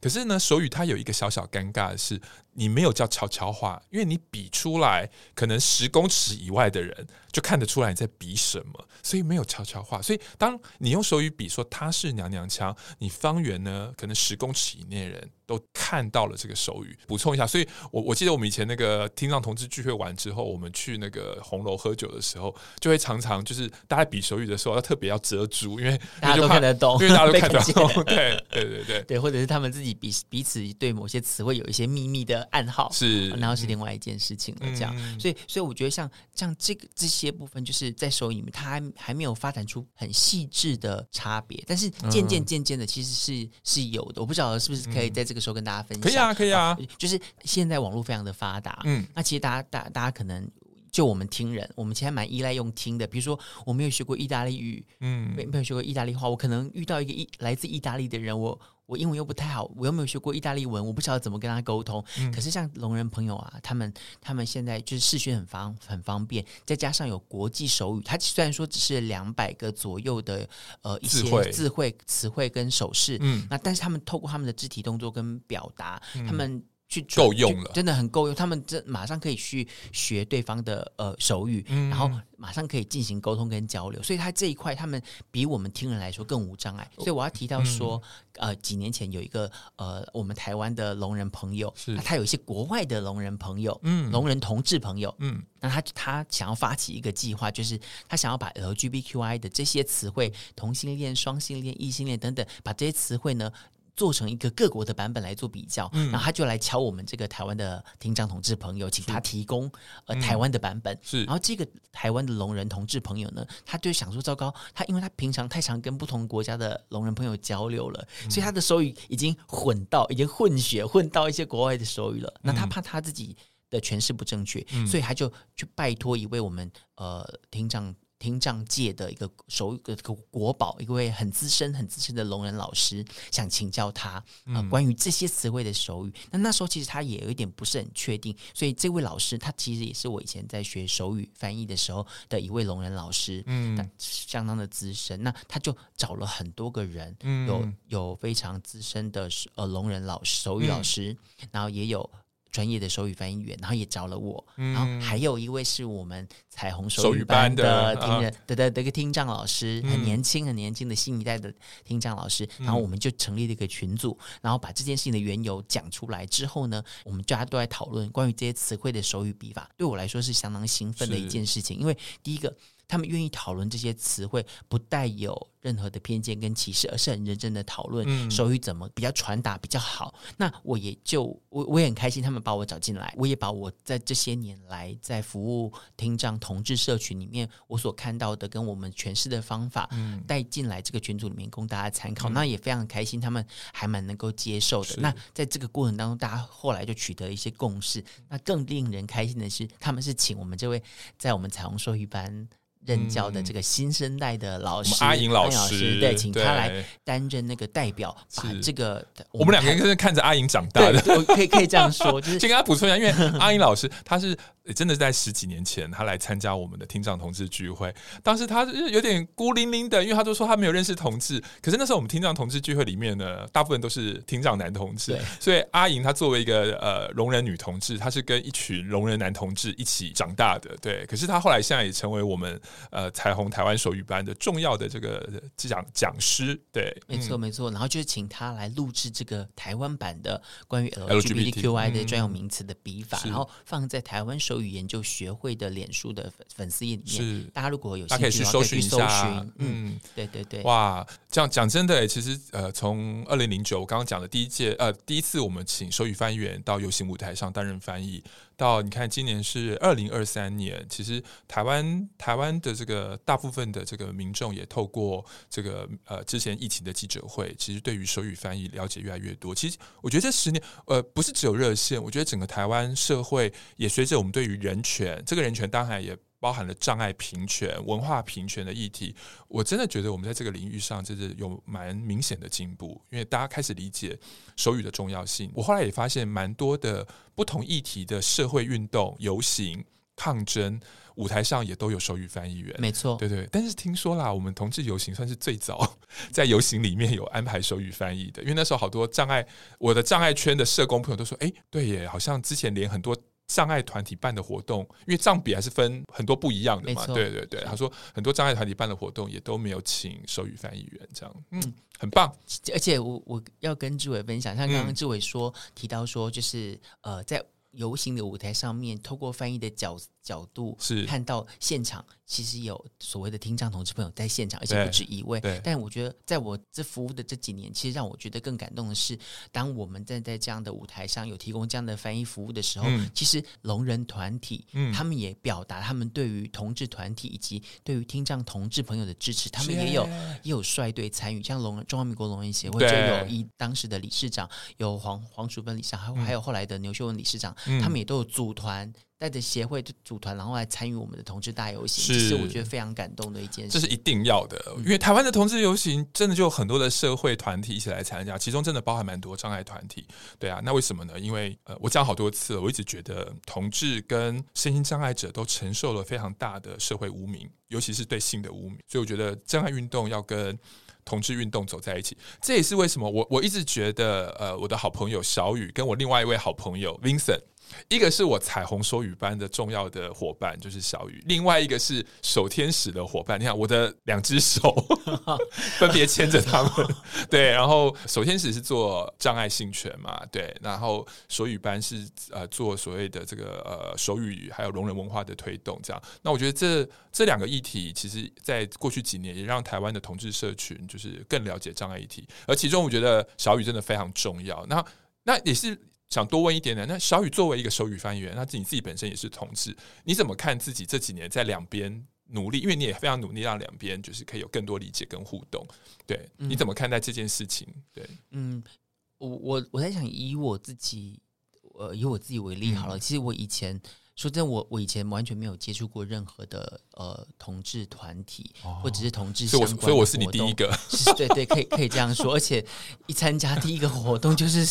可是呢，手語它有一個小小尷尬的是，你沒有叫悄悄話，因為你比出來，可能十公尺以外的人就看得出來你在比什麼，所以沒有悄悄話。所以當你用手語比說她是娘娘腔，你方圓呢，可能十公尺以內人都看到了這個手語。補充一下，所以我我記得我們以前那個聽障同志聚會完之後，我們去那個紅樓喝酒的時候，就會常常就是大家比手語的時候要特別要遮住，因為，因為大家都看得懂，因為大家都看得懂。 [LAUGHS] 對對對對對，或者是他們自己。彼彼此對某些詞彙有一些秘密的暗號，是，然後是另外一件事情了。這樣，嗯、所以，所以我覺得像像這個這些部分，就是在手語裡面，它還還沒有發展出很細緻的差別。但是，漸漸漸漸的，其實是是有的。我不知道是不是可以在這個時候跟大家分享。嗯、可以啊，可以啊，啊。就是現在網絡非常的發達，嗯，那其實大家大大家可能就我們聽人，我們其實還蠻依賴用聽的。比如說，我沒有學過意大利語，嗯，沒沒有學過意大利話，我可能遇到一個意來自意大利的人，我。我英文又不太好，我又沒有學過意大利文，我不曉得怎麼跟他溝通。嗯、可是像聾人朋友啊，他們他們現在就是視訊很方很方便，再加上有國際手語，它雖然說只是兩百個左右的呃一些字彙詞彙跟手勢，嗯、那但是他們透過他們的肢體動作跟表達，嗯、他們。去夠用了，真的很夠用。他們這馬上可以去學對方的呃手語，嗯、然後馬上可以進行溝通跟交流。所以他這一塊，他們比我們聽人來說更無障礙。所以我要提到說，嗯、呃，幾年前有一個呃，我們台灣的聾人朋友，是他，他有一些國外的聾人朋友，嗯，聾人同志朋友，嗯，那他他想要發起一個計劃，就是他想要把 LGBQI 的這些詞彙，同性戀、雙性戀、異性戀等等，把這些詞彙呢。做成一個各國的版本來做比較，嗯、然後他就來敲我們這個台灣的聽障同志朋友，是請他提供呃、嗯、台灣的版本。是，然後這個台灣的聾人同志朋友呢，他就想說糟糕，他因為他平常太常跟不同國家的聾人朋友交流了，嗯、所以他的手語已經混到已經混血混到一些國外的手語了。嗯、那他怕他自己的詮釋不正確，嗯、所以他就去拜托一位我們呃聽障。聽障界的一個手語的國寶，一位很資深很資深的聾人老師，想請教他啊、呃、關於這些詞彙的手語。嗯、那那時候其實他也有一點不是很確定，所以這位老師他其實也是我以前在學手語翻譯的時候的一位聾人老師，嗯，那相當的資深。那他就找了很多個人，有有非常資深的呃聾人老師、手語老師，嗯、然後也有。專業的手語翻譯員，然後也找了我，嗯、然後還有一位是我們彩虹手語班的聽手語班的、啊、的的一個聽障老師，嗯、很年輕很年輕的新一代的聽障老師，嗯、然後我們就成立了一個群組，然後把這件事情的緣由講出來之後呢，我們大家都在討論關於這些詞彙的手語筆法，對我來說是相當興奮的一件事情，是因為第一個。他們願意討論這些詞彙，不帶有任何的偏見跟歧視，而是很認真的討論手語怎麼比較傳達比較好。嗯、那我也就我我也很開心，他們把我找進來，我也把我在這些年來在服務聽障同志社群裡面我所看到的跟我們詮釋的方法、嗯、帶進來這個群組裡面供大家參考。嗯、那也非常開心，他們還蠻能夠接受的。嗯、那在這個過程當中，大家後來就取得一些共識。是那更令人開心的是，他們是請我們這位在我們彩虹手語班。任教的這個新生代的老師、嗯、阿瑩老師，老師對，請他來擔任那個代表，對把這個我們兩個人就是看着阿瑩長大的，我可以可以這樣說， [LAUGHS] 就是先跟他補充一下，因為阿瑩老師 [LAUGHS] 他是。也、欸、真的在十幾年前，他來參加我們的聽障同志聚會。當時他是有點孤零零的，因為他就說他沒有認識同志。可是那時候我們聽障同志聚會裡面呢，大部分都是聽障男同志。對，所以阿瑩她作為一個呃聾人女同志，她是跟一群聾人男同志一起長大的。對，可是她後來現在也成為我們呃彩虹台灣手語班的重要的這個講講師。對，嗯、沒錯沒錯。然後就是請他來錄制這個台灣版的關於 LGBTQI 的專有名詞的比法，嗯、然後放在台灣手。語言研究學會的臉書的粉粉絲頁是大家如果有興趣可以去搜尋一下。嗯，嗯對對對，哇，這樣講真的、欸，其實呃，從二零零九，我剛剛講的第一屆呃，第一次我們請手語翻譯員到遊行舞台上擔任翻譯。到你看，今年是二零二三年，其實台灣臺灣的這個大部分的這個民眾也透過這個呃之前疫情的記者會，其實對於手語翻譯了解越來越多。其實我覺得這十年，呃，不是只有熱線，我覺得整個臺灣社會也隨着我們對於人權，這個人權當然也。包含了障礙平權、文化平權的議題，我真的覺得我們在這個領域上，就是有蠻明顯的進步。因為大家開始理解手語的重要性。我後來也發現，蠻多的不同議題的社會運動、遊行、抗爭，舞台上也都有手語翻譯員。沒錯，對對對。但是聽說啦，我們同志遊行算是最早在遊行裡面有安排手語翻譯的，因為那時候好多障礙，我的障礙圈的社工朋友都說：“哎、欸，對耶，好像之前連很多。”障礙團體辦的活動，因為障別還是分很多不一樣的嘛，錯對對對。是他說很多障礙團體辦的活動也都沒有請手語翻譯員，這樣，嗯，嗯，很棒。而且我我要跟志偉分享，像剛剛志偉說、嗯、提到說，就是呃，在遊行的舞台上面，透過翻譯的角度。角度是看到現場，其實有所謂的聽障同志朋友在現場，對而且不止一位。對但我覺得，在我這服務的這幾年，其實讓我覺得更感動的是，當我們站在，在這樣的舞台上有提供這樣的翻譯服務的時候，嗯、其實聾人團體，嗯、他們也表達他們對於同志團體以及對於聽障同志朋友的支持，啊、他們也有也有率隊參與，像龍中華民國聾人協會對就有一當時的理事長有黃黃淑芬理事長，還、嗯、還有後來的牛秀文理事長，嗯、他們也都有組團。帶着協會的組團，然後來參與我們的同志大遊行。是這是我覺得非常感動的一件事。這是一定要的，因為台灣的同志遊行真的就很多的社會團體一起來參加，其中真的包含蠻多障礙團體。對啊，那為什麼呢？因為呃，我講好多次了，我一直覺得同志跟身心障礙者都承受了非常大的社會污名，尤其是對性的污名，所以我覺得障礙運動要跟同志運動走在一起。這也是為什麼我我一直覺得，呃，我的好朋友小宇跟我另外一位好朋友 Vincent。一個是我彩虹手語班的重要的夥伴，就是小宇；另外一個是手天使的夥伴。你看，我的兩隻手分別牽着他們。對，然後手天使是做障礙平權嘛？對，然後手語班是呃做所謂的這個呃手語，還有聾人文化的推動。這樣，那我覺得這這兩個議題，其實在過去幾年也讓台灣的同志社群就是更了解障礙議題。而其中，我覺得小宇真的非常重要。那那也是。想多問一點點。那小宇作為一個手語翻譯員，那自己自己本身也是同志，你怎麼看自己這幾年在兩邊努力？因為你也非常努力讓兩邊就是可以有更多理解跟互動。對，嗯、你怎麼看待這件事情？對，嗯，我我我在想，以我自己，呃，以我自己為例，嗯，好，好了。其實我以前。說真的，我我以前完全沒有接觸過任何的呃同志團體，哦、或者是同志相關所。所以我是你第一個， [LAUGHS] 是對對，可以可以這樣說。而且一參加第一個活動，就是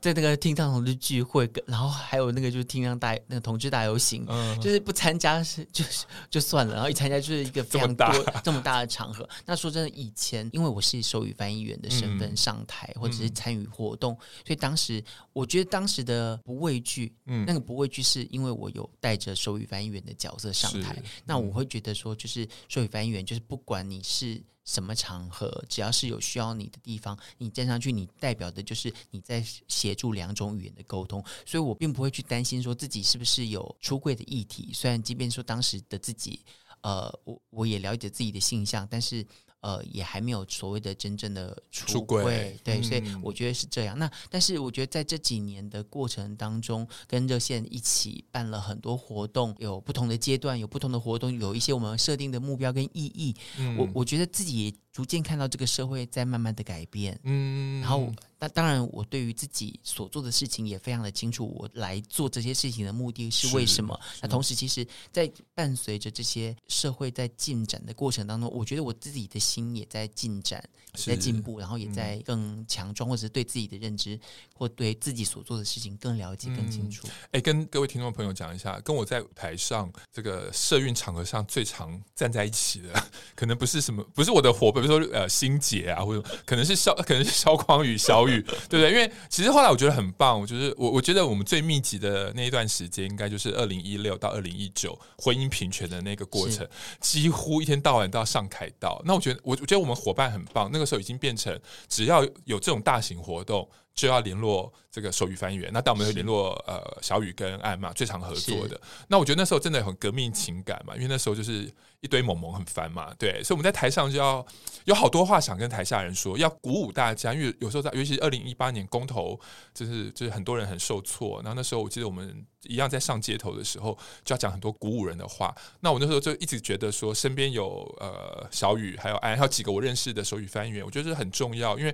在那個聽障同志聚會，然後還有那個就是聽障大那個同志大遊行，嗯、就是不參加是就是就算了。然後一參加就是一個非常多這麼大這麼大的場合。那說真的，以前因為我是手語翻譯員的身份上台，嗯、或者是參與活動，嗯、所以當時我覺得當時的不畏懼，嗯、那個不畏懼是因為我有。帶着手語翻譯員的角色上台，是那我會覺得說，就是手語翻譯員，就是不管你是什麼場合，只要是有需要你的地方，你站上去，你代表的就是你在協助兩種語言的溝通，所以我並不會去擔心說自己是不是有出櫃的議題。雖然，即便說當時的自己，呃，我我也了解自己的性向，但是。呃，也還沒有所謂的真正的出櫃 櫃，對，所以我覺得是這樣。嗯、那但是我覺得在這幾年的過程當中，跟熱線一起辦了很多活動，有不同的階段，有不同的活動，有一些我們設定的目標跟意義。嗯、我我覺得自己也。逐漸看到這個社會在慢慢的改變，嗯，然後那當然，我對於自己所做的事情也非常的清楚，我來做這些事情的目的是為什麼？那同時，其實，在伴隨着這些社會在進展的過程當中，我覺得我自己的心也在進展，是也在進步，然後也在更強壯，嗯、或者是對自己的認知或對自己所做的事情更了解、更清楚。哎、嗯，跟各位聽眾朋友講一下，跟我在舞台上這個社運場合上最常站在一起的，可能不是什麼，不是我的夥伴。嗯或者說呃，心姐啊，或者可能是肖，可能是肖光宇、小宇，對不對？因為其實後來我覺得很棒，我就是我，我覺得我們最密集的那一段時間，應該就是二零一六到二零一九，婚姻平權的那個過程，是幾乎一天到晚都要上凱道。那我覺得我，我覺得我們夥伴很棒，那個時候已經變成只要有這種大型活動。就要聯絡這個手語翻譯員，那但我們聯絡是呃小宇跟艾瑪最常合作的。是那我覺得那時候真的很革命情感嘛，因為那時候就是一堆萌萌很煩嘛，對，所以我們在台上就要有好多話想跟台下人說，要鼓舞大家，因為有時候在尤其是二零一八年公投，就是就是很多人很受挫，然後那時候我記得我們一樣在上街頭的時候，就要講很多鼓舞人的話。那我那時候就一直覺得說身，身邊有呃小宇還有艾還有幾個我認識的手語翻譯員，我覺得這很重要，因為。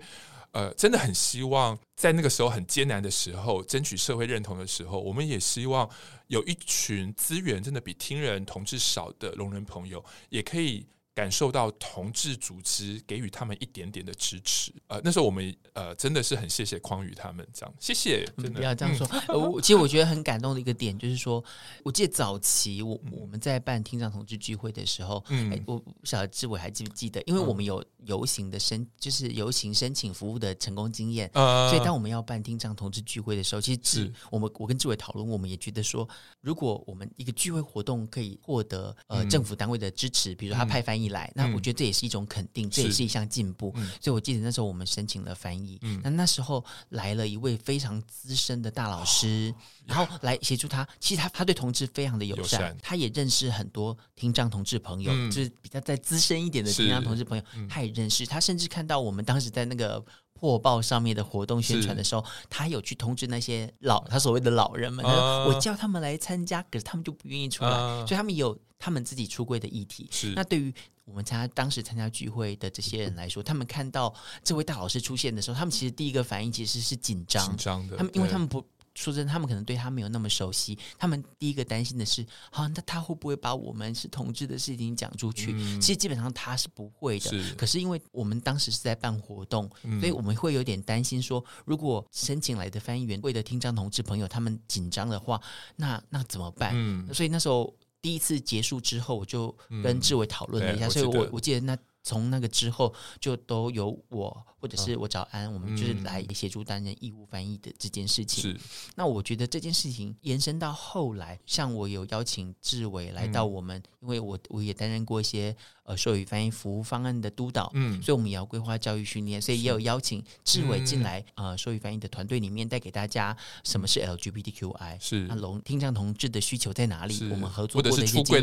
呃，真的很希望在那個時候很艱難的時候，爭取社會認同的時候，我們也希望有一群資源真的比聽人同志少的聾人朋友，也可以感受到同志組織給予他們一點點的支持。呃，那時候我們呃真的是很謝謝匡宇他們這樣，謝謝，真的、嗯、不要這樣說。嗯、其實我覺得很感動的一個點 [LAUGHS] 就是說，我記得早期我我們在辦聽障同志聚會的時候，嗯，我不曉得志偉還記不記得，因為我們有、嗯。遊行的申就是遊行申請服務的成功經驗，所以當我們要辦聽障同志聚會的時候，其實只我們我跟志偉討論，我們也覺得說，如果我們一個聚會活動可以獲得呃政府單位的支持，比如他派翻譯來，那我覺得這也是一種肯定，這也是一項進步。所以我記得那時候我們申請了翻譯，那那時候來了一位非常資深的大老師，然後來協助他。其實他他對同志非常的友善，他也認識很多聽障同志朋友，就是比較在資深一點的聽障同志朋友，他也。認識他，甚至看到我們當時在那個破報上面的活動宣傳的時候，是他有去通知那些老，他所謂的老人們，啊、我叫他們來參加，可是他們就不願意出來，啊、所以他們有他們自己出櫃的議題。是那對於我們參加當時參加聚會的這些人來說，他們看到這位大老師出現的時候，他們其實第一個反應其實是，是緊張，緊張的。他們，因為他們不。說真的，他們可能對他沒有那麼熟悉。他們第一個擔心的是，好、啊，那他會不會把我們是同志的事情講出去？嗯、其實基本上他是不會的。是可是因為我們當時是在辦活動，嗯、所以我們會有點擔心說，說如果申請來的翻譯員為了聽障同志朋友他們緊張的話，那那怎麼辦？嗯、所以那時候第一次結束之後，我就跟志偉討論了一下，嗯、所以我我記得那。從那個之後，就都由我，或者是我找安，我們就是來協助擔任義務翻譯的這件事情。嗯、是，那我覺得這件事情延伸到後來，像我有邀請志偉來到我們，嗯、因為我我也擔任過一些。呃，手語翻譯服務方案的督導，嗯，所以我們也要規劃教育訓練，所以也有邀請志偉進來，嗯、呃，手語翻譯的團隊裡面帶給大家什麼是 LGBTQI，是阿龍聽障同志的需求在哪裡？是我們合作過的一些對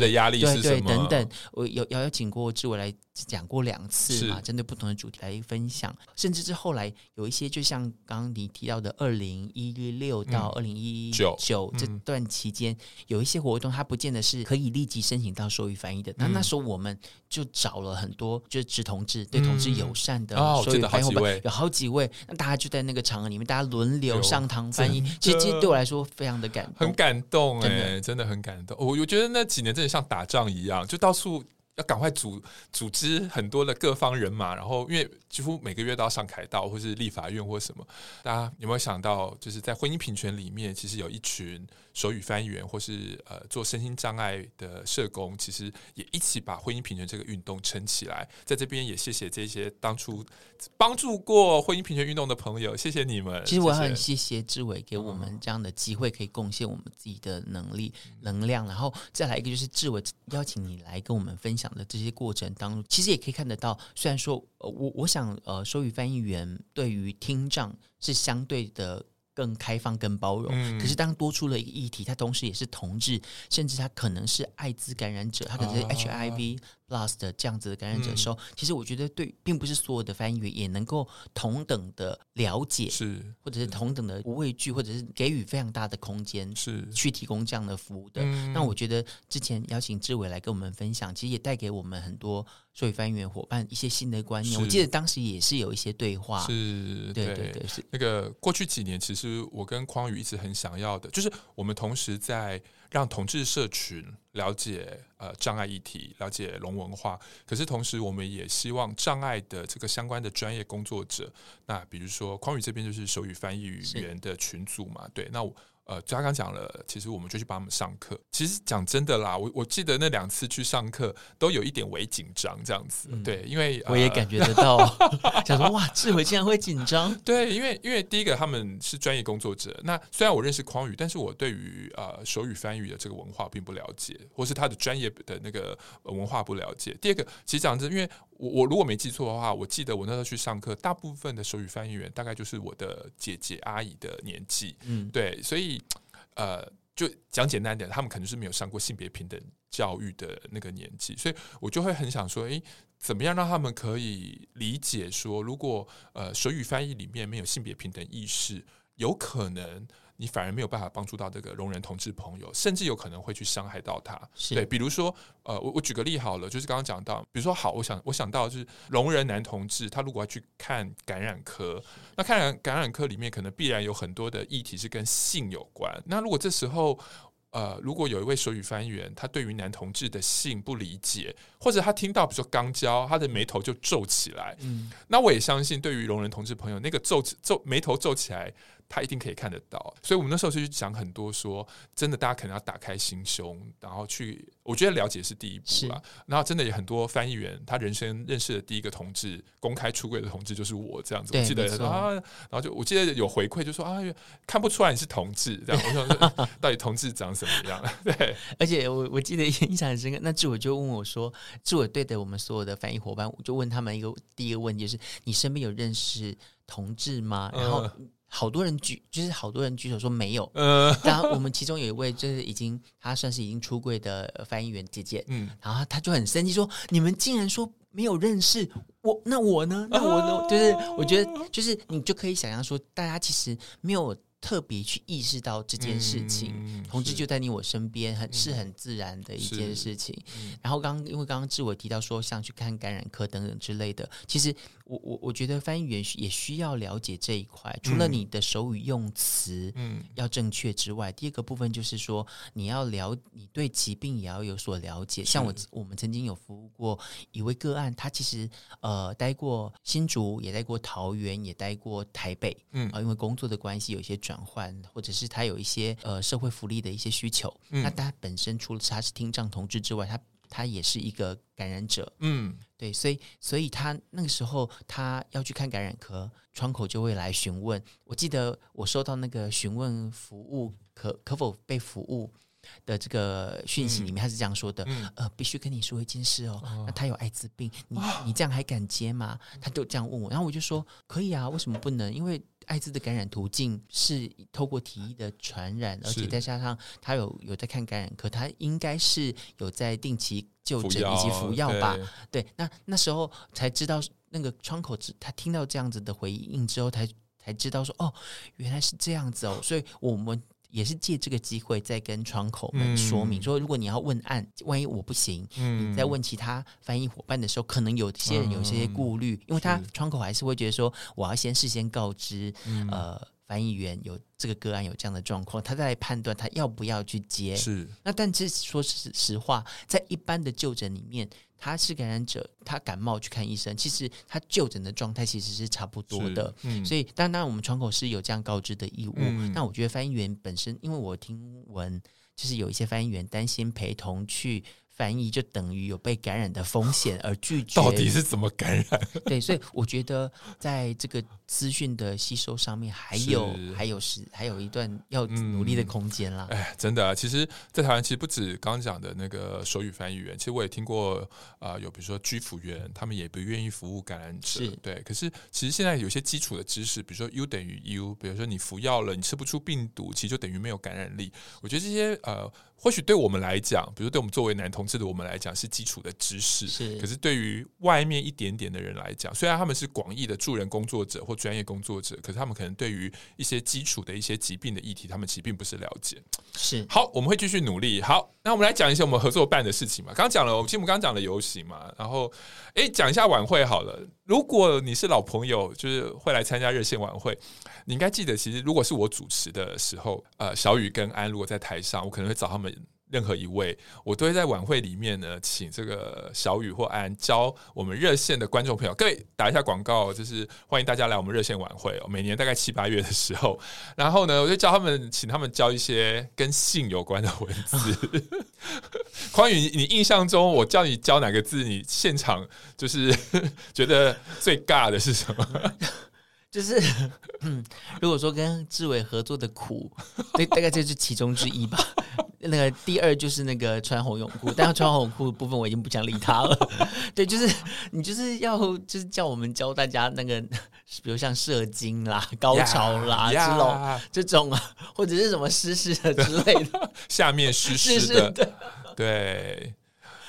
對，等等，我有邀請過志偉來講過兩次嘛，是針對不同的主題來分享，甚至是後來有一些，就像剛剛你提到的到、嗯，二零一六到二零一九這段期間，嗯、有一些活動，它不見得是可以立即申請到手語翻譯的，嗯、那那時候我們。就找了很多就是直同志、嗯、對同志友善的，哦、所以有真的好幾位有好幾位，那大家就在那個場合裡面，大家輪流上堂翻譯，這其實對我來說非常的感動，很感動哎、欸，真的，真的很感動。我、哦、我覺得那幾年真的像打仗一樣，就到處。要趕快組組織很多的各方人馬，然後因為幾乎每個月都要上凱道或是立法院或什麼，大家有沒有想到，就是在婚姻平權裡面，其實有一群手語翻譯員或是呃做身心障礙的社工，其實也一起把婚姻平權這個運動撐起來。在這邊也謝謝這些當初幫助過婚姻平權運動的朋友，謝謝你們。其實我謝謝很謝謝志偉給我們這樣的機會，可以貢獻我們自己的能力能量，然後再來一個就是志偉邀請你來跟我們分享。講的這些過程當中，其實也可以看得到，雖然說，呃、我我想，呃，手語翻譯員對於聽障是相對的更開放、更包容。嗯、可是當多出了一個議題，他同時也是同志，甚至他可能是艾滋感染者，他可能是 HIV、啊。last 這樣子的感染者的時候，嗯、其實我覺得對，並不是所有的翻譯員也能夠同等的了解，是，是或者是同等的畏懼，或者是給予非常大的空間，是去提供這樣的服務的。嗯、那我覺得之前邀請志偉來跟我們分享，其實也帶給我們很多所以翻譯員伙伴一些新的觀念。是，我記得當時也是有一些對話，是，對對對，是那個過去幾年，其實我跟匡宇一直很想要的，就是我們同時在。讓同志社群了解，呃障礙議題，了解聾文化。可是同時，我們也希望障礙的這個相關的專業工作者，那比如說匡宇這邊就是手語翻譯語言的群組嘛，是對，那我。呃，就他剛講了，其實我們就去幫他們上課。其實講真的啦，我我記得那兩次去上課都有一點微緊張這樣子。嗯、對，因為、呃、我也感覺得到，講 [LAUGHS] 說哇，智慧竟然會緊張。對，因為因為第一個他們是專業工作者，那雖然我認識匡宇，但是我對於呃手語翻譯的這個文化並不了解，或是他的專業的那個文化不了解。第二個，其實講真，因為。我如果沒記錯的話，我記得我那時候去上課，大部分的手語翻譯員大概就是我的姐姐阿姨的年紀，嗯、對，所以呃，就講簡單點，他們可能是沒有上過性別平等教育的那個年紀，所以我就會很想說，哎、欸，怎麼樣讓他們可以理解說，如果呃手語翻譯裡面沒有性別平等意識，有可能。你反而沒有辦法幫助到這個聾人同志朋友，甚至有可能會去傷害到他。是對，比如說，呃，我我舉個例好了，就是剛剛講到，比如說好，我想我想到就是聾人男同志，他如果要去看感染科，是那看感染科裡面可能必然有很多的議題是跟性有關。那如果這時候，呃，如果有一位手語翻譯員，他對於男同志的性不理解，或者他聽到比如說肛交，他的眉頭就皺起來。嗯，那我也相信，對於聾人同志朋友，那個皺皺眉頭皺起來。他一定可以看得到，所以我們那時候就講很多說，真的，大家可能要打開心胸，然後去，我覺得了解是第一步吧、啊。是然後真的有很多翻譯員，他人生認識的第一個同志，公開出櫃的同志就是我這樣子。對我記得說啊，錯然後就我記得有回饋，就說啊，看不出來你是同志，這樣。我說到底同志長什麼樣？ [LAUGHS] 對，而且我我記得印象很深刻，志偉就問我說，志偉對我們所有的翻譯夥伴，我就問他們一個第一個問題、就是，是你身邊有認識同志嗎？然後。嗯好多人舉，就是好多人舉手說沒有。然後我們其中有一位就是已經，他算是已經出櫃的翻譯員姐姐。嗯，然後他就很生氣說：“你們竟然說沒有認識我，那我呢？那我呢？就是我覺得，就是你就可以想象說，大家其實沒有。”特別去意識到這件事情，嗯嗯嗯、同志就在你我身邊，是很自然的一件事情。嗯嗯、然後剛，剛因為剛剛志偉提到說像去看感染科等等之類的，其實我我我覺得翻譯員也需要了解這一塊，除了你的手語用詞嗯要正確之外，嗯、第二個部分就是說你要了，你對疾病也要有所了解。是像我我們曾經有服務過一位個案，他其實呃待過新竹，也待過桃園，也待過台北，嗯啊、呃，因為工作的關係，有些專。轉換，或者是他有一些呃社會福利的一些需求。嗯、那他本身除了他是聽障同志之外，他他也是一個感染者。嗯，對，所以所以他那個時候他要去看感染科，窗口就會來詢問。我記得我收到那個詢問服務可可否被服務的這個訊息裡面，嗯、他是這樣說的：嗯、呃，必須跟你說一件事哦，哦那他有艾滋病，你你這樣還敢接嗎？哦、他就這樣問我，然後我就說可以啊，為什麼不能？因為艾滋的感染途徑是透過體液的傳染。是而且再加上他有有在看感染科，他應該是有在定期就診以及服藥吧服藥啊？對，對那那時候才知道那個窗口，他聽到這樣子的回應之後，才才知道說哦，原來是這樣子哦，所以我們。也是借這個機會在跟窗口們說明，嗯、說如果你要問案，萬一我不行，嗯，你再問其他翻譯伙伴的時候，可能有些人有些些顧慮，嗯、因為他窗口還是會覺得說，是我要先事先告知，嗯、呃。翻譯員有這個個案，有這樣的狀況，他在判斷他要不要去接。是那，但是說實實話，在一般的就診裡面，他是感染者，他感冒去看醫生，其實他就診的狀態其實是差不多的。嗯，所以當然我們窗口是有這樣告知的義務。嗯，那我覺得翻譯員本身，因為我聽聞就是有一些翻譯員擔心陪同去。翻譯就等於有被感染的風險，而拒絕到底是怎麼感染？對，所以我覺得在這個資訊的吸收上面，還有是還有是還有一段要努力的空間啦。哎、嗯，真的、啊，其實，在台灣其實不止剛剛講的那個手語翻譯員，其實我也聽過啊、呃，有比如說居服員，他們也不願意服務感染者。是對，可是其實現在有些基礎的知識，比如說 U 等於 U，比如說你服藥了，你吃不出病毒，其實就等於沒有感染力。我覺得這些呃。或許對我們來講，比如對我們作為男同志的我們來講是基礎的知識，是。可是對於外面一點點的人來講，雖然他們是廣義的助人工作者或專業工作者，可是他們可能對於一些基礎的一些疾病的議題，他們其實並不是了解。是。好，我們會繼續努力。好，那我們來講一些我們合作辦的事情嘛。剛剛講了，我們先剛講了遊行嘛，然後，哎、欸，講一下晚會好了。如果你是老朋友，就是會來參加熱線晚會，你應該記得，其實如果是我主持的時候，呃，小宇跟安如果在台上，我可能會找他們。任何一位，我都會在晚會裡面呢，請這個小宇或安教我們熱線的觀眾朋友，各位打一下廣告，就是歡迎大家來我們熱線晚會哦，每年大概七八月的時候。然後呢，我就教他們，請他們教一些跟性有關的文字。關 [LAUGHS] [LAUGHS] 宇，你印象中我叫你教哪個字？你現場就是覺得最尬的是什麼？ [LAUGHS] 就是，嗯，如果說跟志偉合作的苦，對，大概這是其中之一吧。 [LAUGHS] 那個第二就是那個穿紅泳褲，但要穿紅泳褲的部分我已經不想理他了。 [LAUGHS] 對，就是你就是要就是叫我們教大家那個，比如像射精啦、高潮啦、之類 Yeah, yeah. 這種啊，或者是什麼濕濕的之類的， [LAUGHS] 下面濕濕的，濕濕的對。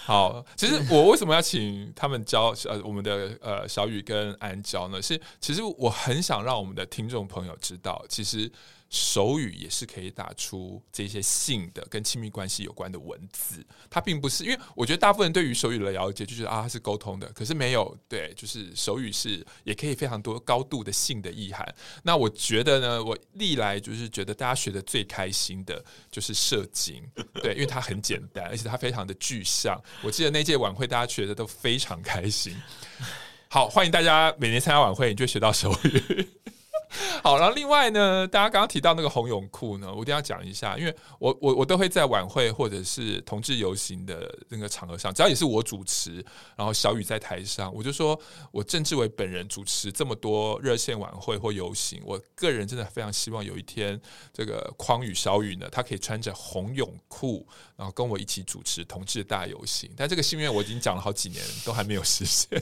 好，其實我為什麼要請他們教 [LAUGHS] 呃，我們的呃小宇跟安教呢？是其實我很想讓我們的聽眾朋友知道，其實。手語也是可以打出這些性的、跟親密關係有關的文字，它並不是因為我覺得大部分人對於手語的了解就覺得啊，它是溝通的，可是沒有，對，就是手語是也可以非常多高度的性的意涵。那我覺得呢，我歷來就是覺得大家學得最開心的就是射精，對，因為它很簡單，而且它非常的具象。我記得那屆晚會大家學得都非常開心，好，歡迎大家每年參加晚會，你就學到手語。好，然後另外呢，大家剛剛提到那個紅泳褲呢，我一定要講一下，因為我我我都會在晚會或者是同志遊行的那個場合上，只要也是我主持，然後小宇在台上，我就說，我鄭志偉本人主持這麼多熱線晚會或遊行，我個人真的非常希望有一天，這個匡宇小宇呢，他可以穿着紅泳褲，然後跟我一起主持同志大遊行，但這個心願我已經講了好幾年，都還沒有實現。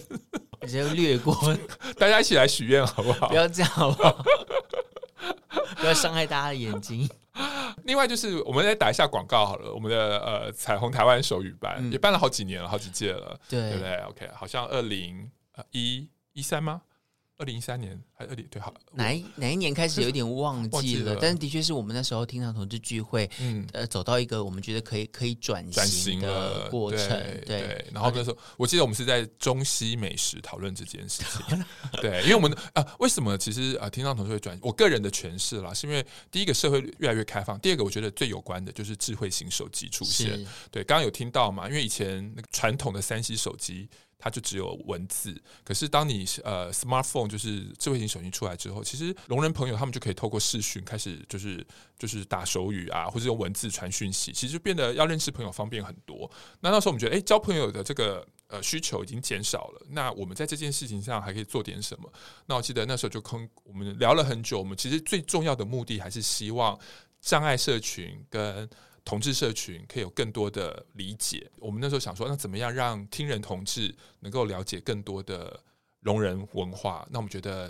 我先略過，大家一起來許願好不好？不要這樣好不好？ [LAUGHS] 不要傷害大家的眼睛。另外，就是我們來打一下廣告好了，我們的呃彩虹台灣手語班、嗯、也辦了好幾年了，好幾屆了，對，對不對？OK，好像二零一一三嗎？二零一三年還二零，對，好，哪一哪一年開始有點忘記了，記了，但是的確是我們那時候聽障同志聚會，嗯呃走到一個我們覺得可以可以轉型的過程對，對。然後那時候對我記得我們是在中西美食討論這件事情，的對，因為我們啊、呃、為什麼其實啊、呃、聽障同志會轉，我個人的詮釋啦，是因為第一個社會越來越開放，第二個我覺得最有關的就是智慧型手機出現。是對，剛剛有聽到嘛？因為以前那個傳統的三 C 手機。它就只有文字，可是當你呃 smartphone 就是智慧型手機出來之後，其實聾人朋友他們就可以透過視訊開始就是就是打手語啊，或者用文字傳訊息，其實變得要認識朋友方便很多。那那時候我們覺得，哎、欸，交朋友的這個呃需求已經減少了，那我們在這件事情上還可以做點什麼？那我記得那時候就跟我們聊了很久，我們其實最重要的目的還是希望障礙社群跟。同志社群可以有更多的理解。我們那時候想說，那怎麼樣讓聽人同志能夠了解更多的聾人文化？那我們覺得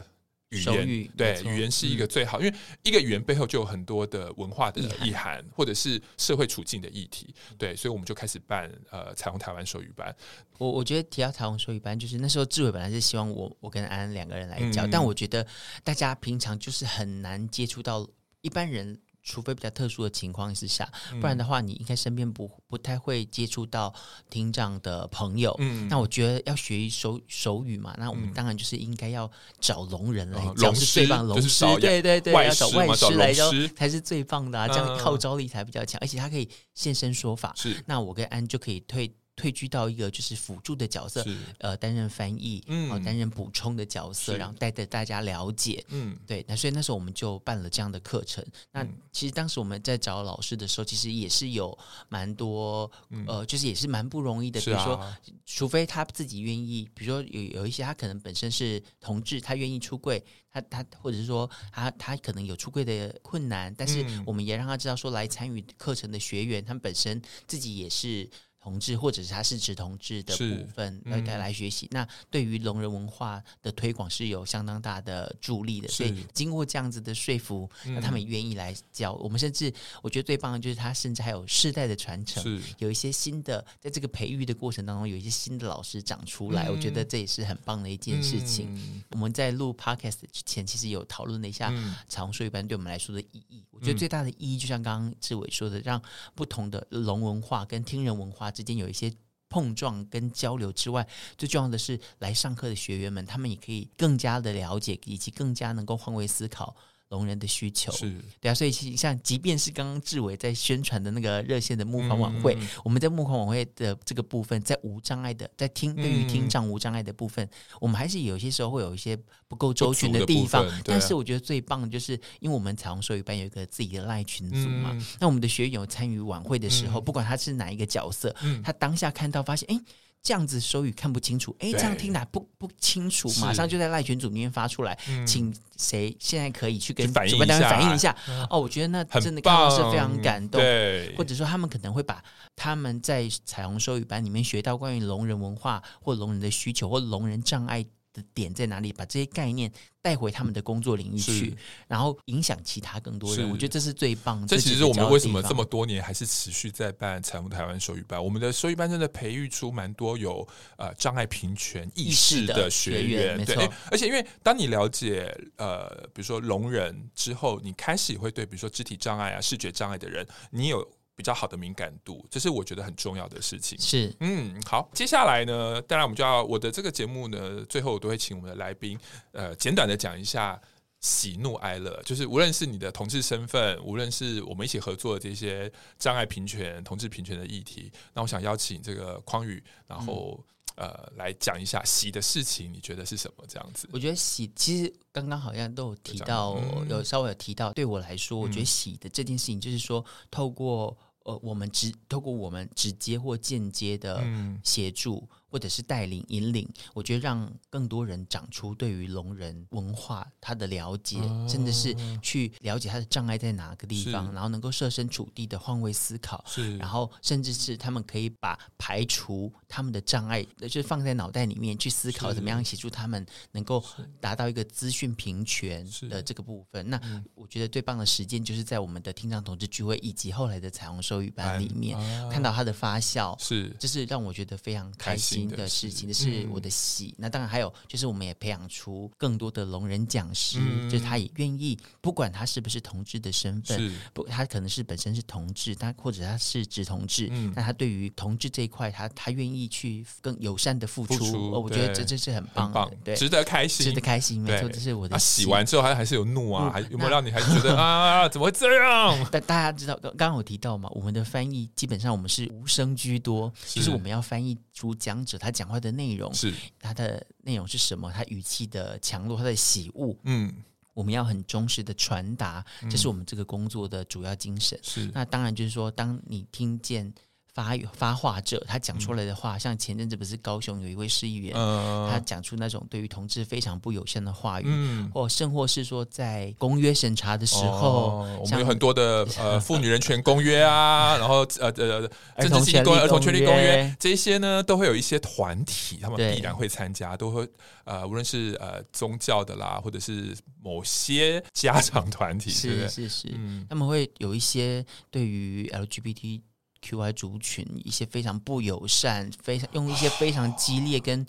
語言遇對錯語言是一個最好，嗯、因為一個語言背後就有很多的文化的意涵，嗯、或者是社會處境的議題。嗯、對，所以我們就開始辦呃彩虹台灣手語班。我我覺得提到彩虹手語班，就是那時候志偉本來是希望我我跟安安兩個人來教，嗯、但我覺得大家平常就是很難接觸到一般人。除非比較特殊的情況之下，嗯、不然的話，你應該身邊不不太會接觸到聽障的朋友。嗯、那我覺得要學一手手語嘛，那我們當然就是應該要找聾人來講，嗯、是最棒。的聾師。是對對對，要找外師來教才是最棒的，啊，啊這樣號召力才比較強，而且他可以現身說法。是，那我跟安就可以退。退居到一個就是輔助的角色，是呃，擔任翻譯，嗯，擔任補充的角色，是然後帶着大家了解，嗯，對。那所以那時候我們就辦了這樣的課程。嗯、那其實當時我們在找老師的時候，其實也是有蠻多，嗯、呃，就是也是蠻不容易的。啊、比如說，除非他自己願意，比如說有有一些他可能本身是同志，他願意出櫃，他他或者是說他他可能有出櫃的困難，但是我們也讓他知道說來參與課程的學員，他們本身自己也是。同志，或者是他是指同志的部分來、嗯、來學習，那對於聾人文化的推廣是有相當大的助力的。是所以經過這樣子的說服，那、嗯、他們願意來教我們。甚至我覺得最棒的就是他甚至還有世代的傳承，是有一些新的在這個培育的過程當中有一些新的老師長出來，嗯、我覺得這也是很棒的一件事情。嗯、我們在錄 Podcast 之前，其實有討論了一下長說一般對我們來說的意義。我覺得最大的意義，就像剛剛志偉說的，讓不同的聾文化跟聽人文化。之間有一些碰撞跟交流之外，最重要的是來上課的學員們，他們也可以更加的了解，以及更加能夠換位思考。聾人的需求是，對啊，所以像即便是剛剛志偉在宣傳的那個熱線的募款晚會，嗯、我們在募款晚會的這個部分，在無障礙的，在聽對、嗯、於聽障無障礙的部分，我們還是有些時候會有一些不夠周全的地方。但是我覺得最棒的就是，啊、因為我們彩虹手語班有一個自己的賴群組嘛，嗯、那我們的學員有參與晚會的時候，嗯、不管他是哪一個角色，嗯、他當下看到發現，誒。這樣子手語，看不清楚，哎對、欸，這樣聽哪不不清楚，是馬上就在賴群組裡面發出來，嗯、請誰現在可以去跟主辦單位反映一下？一下，嗯、哦，我覺得那真的看到是非常感動，對，或者說他們可能會把他們在彩虹手語班裡面學到關於聾人文化或聾人的需求或聾人障礙。的點在哪裡？把這些概念帶回他們的工作領域去，是然後影響其他更多人。是我覺得這是最棒。是的。這其實我們為什麼這麼多年還是持續在辦“彩虹台灣手語班”？我們的手語班真的培育出蠻多有呃障礙平權意識的學員，對、欸。而且，因為當你了解呃，比如說聾人之後，你開始會對比如說肢體障礙啊、視覺障礙的人，你有。比較好的敏感度，這是我覺得很重要的事情。是，嗯，好，接下來呢，當然我們就要我的這個節目呢，最後我都會請我們的來賓，呃，簡短的講一下喜怒哀樂，就是無論是你的同志身份，無論是我們一起合作的這些障礙平權、同志平權的議題，那我想邀請這個匡宇，然後、嗯、呃來講一下喜的事情，你覺得是什麼？這樣子。我覺得喜其實剛剛好像都有提到，嗯、有稍微有提到。對我來說，嗯、我覺得喜的這件事情就是說透過。呃，我們只透過我們直接或間接的協助。嗯或者是帶領引領，我覺得讓更多人長出對於聾人文化他的了解，啊、甚至是去了解他的障礙在哪個地方，是然後能夠設身處地的換位思考，是然後甚至是他們可以把排除他們的障礙，就是放在腦袋裡面去思考怎麼樣協助他們能夠達到一個資訊平權的這個部分。那我覺得最棒的時間就是在我們的聽障同志聚會以及後來的彩虹手語班裡面，啊、看到他的發酵，是，就是讓我覺得非常開心。開心的事情是我的喜。那當然還有就是我們也培養出更多的聾人講師，就是他也願意，不管他是不是同志的身份，不，他可能是本身是同志，他或者他是直同志，那他對於同志這一塊，他他願意去更友善的付出，我覺得這這是很棒，值得開心，值得開心。沒錯，這是我的喜。完之後他還是有怒啊，還有沒有讓你還覺得啊，怎麼會這樣？但大家知道剛剛我有提到嘛，我們的翻譯基本上我們是無聲居多，其實我們要翻譯。主講者他講話的內容是他的內容是什麼？他語氣的強弱，他的喜惡，嗯，我們要很忠實的傳達，嗯、這是我們這個工作的主要精神。是。那當然就是說，當你聽見。發發話者，他講出來的話，像前陣子不是高雄有一位市議員，他講出那種對於同志非常不友善的話語，或甚或是說在公約審查的時候，我們有很多的呃婦女人權公約啊，然後呃呃，兒童權利公約、兒童權利公約這些呢，都會有一些團體，他們必然會參加，都會呃，無論是呃宗教的啦，或者是某些家長團體，是是是，他們會有一些對於 LGBT，QI 族群一些非常不友善，非常用一些非常激烈跟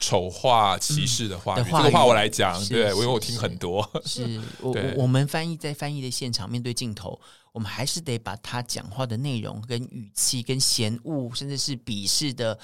醜化、歧視的話的話，我來講，對，因為我聽很多。是我我們翻譯在翻譯的現場面對鏡頭，我們還是得把他講話的內容、跟語氣、跟嫌惡，甚至是鄙視的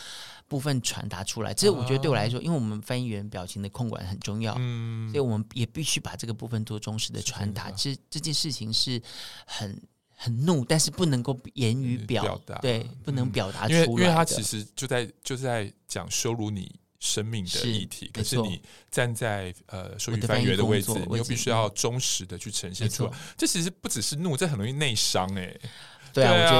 部分傳達出來。這我覺得對我來說，因為我們翻譯員表情的控管很重要，嗯，所以我們也必須把這個部分做忠實的傳達。其實這件事情是很。很怒，但是不能夠言語表達，嗯、表達，對，不能表達出來，嗯，因為因為他其實就在就在講羞辱你生命的議題，是，可是你站在呃手語翻譯員的位置，你又必須要忠實的去呈現出來。沒錯。這其實不只是怒，這很容易內傷哎。對啊、對啊，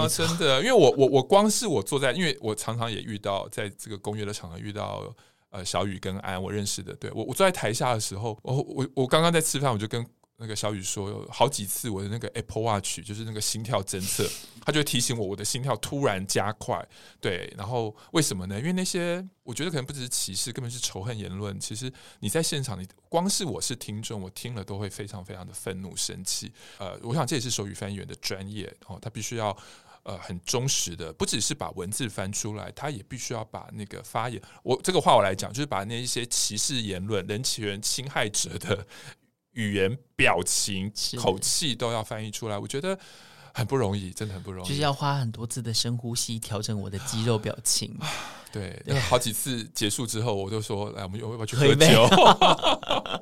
我覺得是，真的，因為我我我光是我坐在，因為我常常也遇到在這個公約的場合遇到呃小雨跟安，我認識的，對，我我坐在台下的時候，我我我剛剛在吃飯，我就跟那個小宇說，有好幾次我的那個 Apple Watch 就是那個心跳偵測，他就會提醒我，我的心跳突然加快。對，然後為什麼呢？因為那些我覺得可能不只是歧視，根本是仇恨言論。其實你在現場，你光是我是聽眾，我聽了都會非常非常的憤怒、生氣。呃，我想這也是手語翻譯員的專業哦，他必須要呃很忠實的，不只是把文字翻出來，他也必須要把那個發言。我這個話我來講，就是把那一些歧視言論、人權侵害者的。語言、表情、的口氣都要翻譯出來，我覺得很不容易，真的很不容易。就是要花很多次的深呼吸，調整我的肌肉表情。啊、對，對好幾次結束之後，我就說：“來，我們要不要去喝酒？”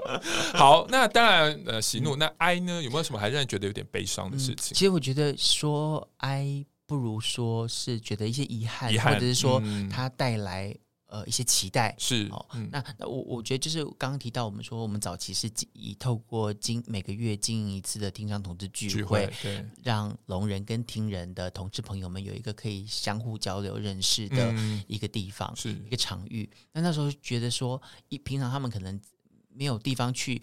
[LAUGHS] [LAUGHS] 好，那當然，呃，喜怒、嗯、那哀呢？有沒有什麼還讓人覺得有點悲傷的事情？嗯、其實我覺得說哀，不如說是覺得一些遺憾，遺憾或者是說、嗯、它帶來。呃，一些期待是，哦、嗯那。那我我覺得就是剛剛提到，我們說我們早期是以透過經每個月經營一次的聽障同志聚會，對，讓聾人跟聽人的同志朋友們有一個可以相互交流認識的一個地方，是、嗯、一個場域。那是那時候覺得說，一平常他們可能沒有地方去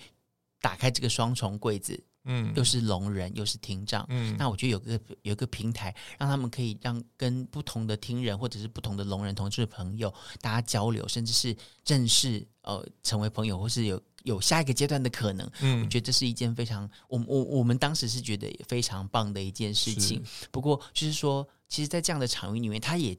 打開這個雙重櫃子。嗯，又是聾人，又是聽障，嗯，那我覺得有個有一個平台，讓他們可以讓跟不同的聽人或者是不同的聾人同志朋友，大家交流，甚至是正式呃，成為朋友，或是有有下一個階段的可能。嗯，我覺得這是一件非常，我我我們當時是覺得非常棒的一件事情。是不過就是說，其實，在這樣的場域裡面，它也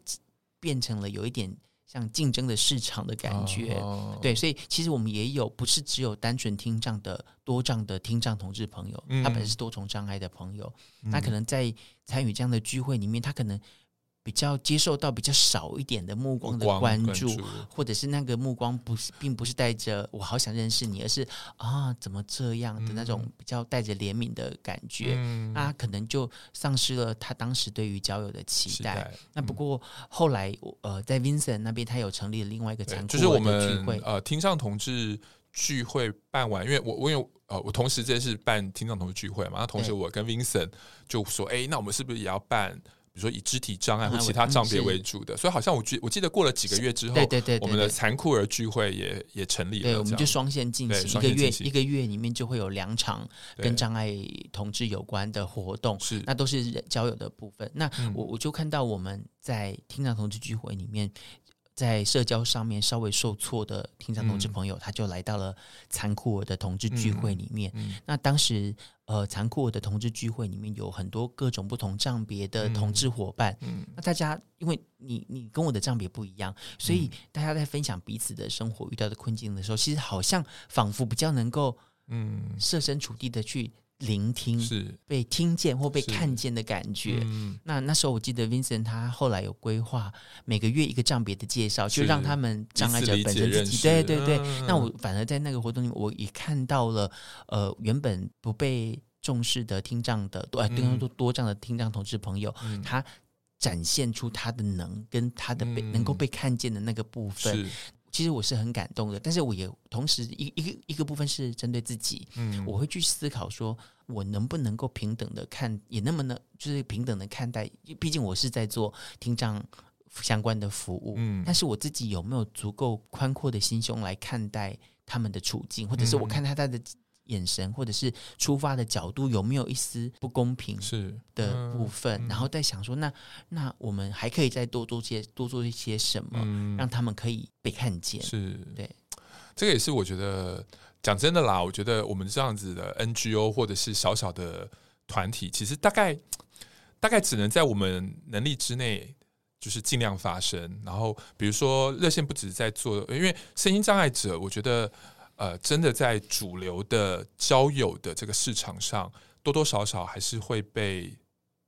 變成了有一點。像競爭的市場的感覺，oh. 對，所以其實我們也有不是只有單純聽障的多障的聽障同志朋友，嗯、他本身是多重障礙的朋友，嗯、他可能在參與這樣的聚會裡面，他可能。比較接受到比較少一點的目光的關注，或者是那個目光不是並不是帶着我好想認識你，而是啊怎麼這樣的那種比較帶着憐憫的感覺，嗯、那可能就喪失了他當時對於交友的期待。對。嗯、那不過後來呃在 Vincent 那邊，他有成立了另外一個就是我們聚呃聽障同志聚會辦完，因為我因為我有呃我同時這是辦聽障同志聚會嘛，那同時我跟 Vincent 就說哎對、欸，那我們是不是也要辦？比如說以肢體障礙或其他障別為主的，所以好像我記我記得過了幾個月之後，對對對，我們的殘酷兒聚會也也成立了，對，我們就雙線進行，一個月一個月裡面就會有兩場跟障礙同志有關的活動，是那都是交友的部分。那我我就看到我們在聽障同志聚會裡面。在社交上面稍微受挫的聽障同志朋友，嗯、他就來到了殘酷兒的同志聚會裡面。嗯嗯、那當時，呃，殘酷兒的同志聚會裡面有很多各種不同障別的同志伙伴。嗯嗯、那大家因為你你跟我的障別不一樣，所以大家在分享彼此的生活遇到的困境的時候，其實好像仿佛比較能夠嗯設身處地的去。聆聽是被聽見或被看見的感覺。嗯、那那時候我記得 Vincent 他後來有規劃每個月一個障別的介紹，是就讓他們障礙者本身自己。對對對。對對對啊、那我反而在那個活動裡我也看到了，呃，原本不被重視的聽障的，多、嗯、哎，更多多障的聽障同志朋友，嗯、他展現出他的能跟他的被、嗯、能夠被看見的那個部分。其實我是很感動的，但是我也同時一個一個一個部分是針對自己，嗯，我會去思考說，我能不能夠平等的看，也那麼呢，就是平等的看待，畢竟我是在做聽障相關的服務，嗯，但是我自己有沒有足夠寬闊的心胸來看待他們的處境，或者是我看他他的。嗯眼神，或者是出發的角度，有沒有一絲不公平是的部分？嗯、然後再想說，嗯、那那我們還可以再多做些，多做一些什麼，嗯、讓他們可以被看見？是，對，這個也是我覺得講真的啦。我覺得我們這樣子的 NGO 或者是小小的團體，其實大概大概只能在我們能力之內，就是盡量發聲。然後，比如說熱線不止在做，因為身心障礙者，我覺得。呃，真的在主流的交友的這個市場上，多多少少還是會被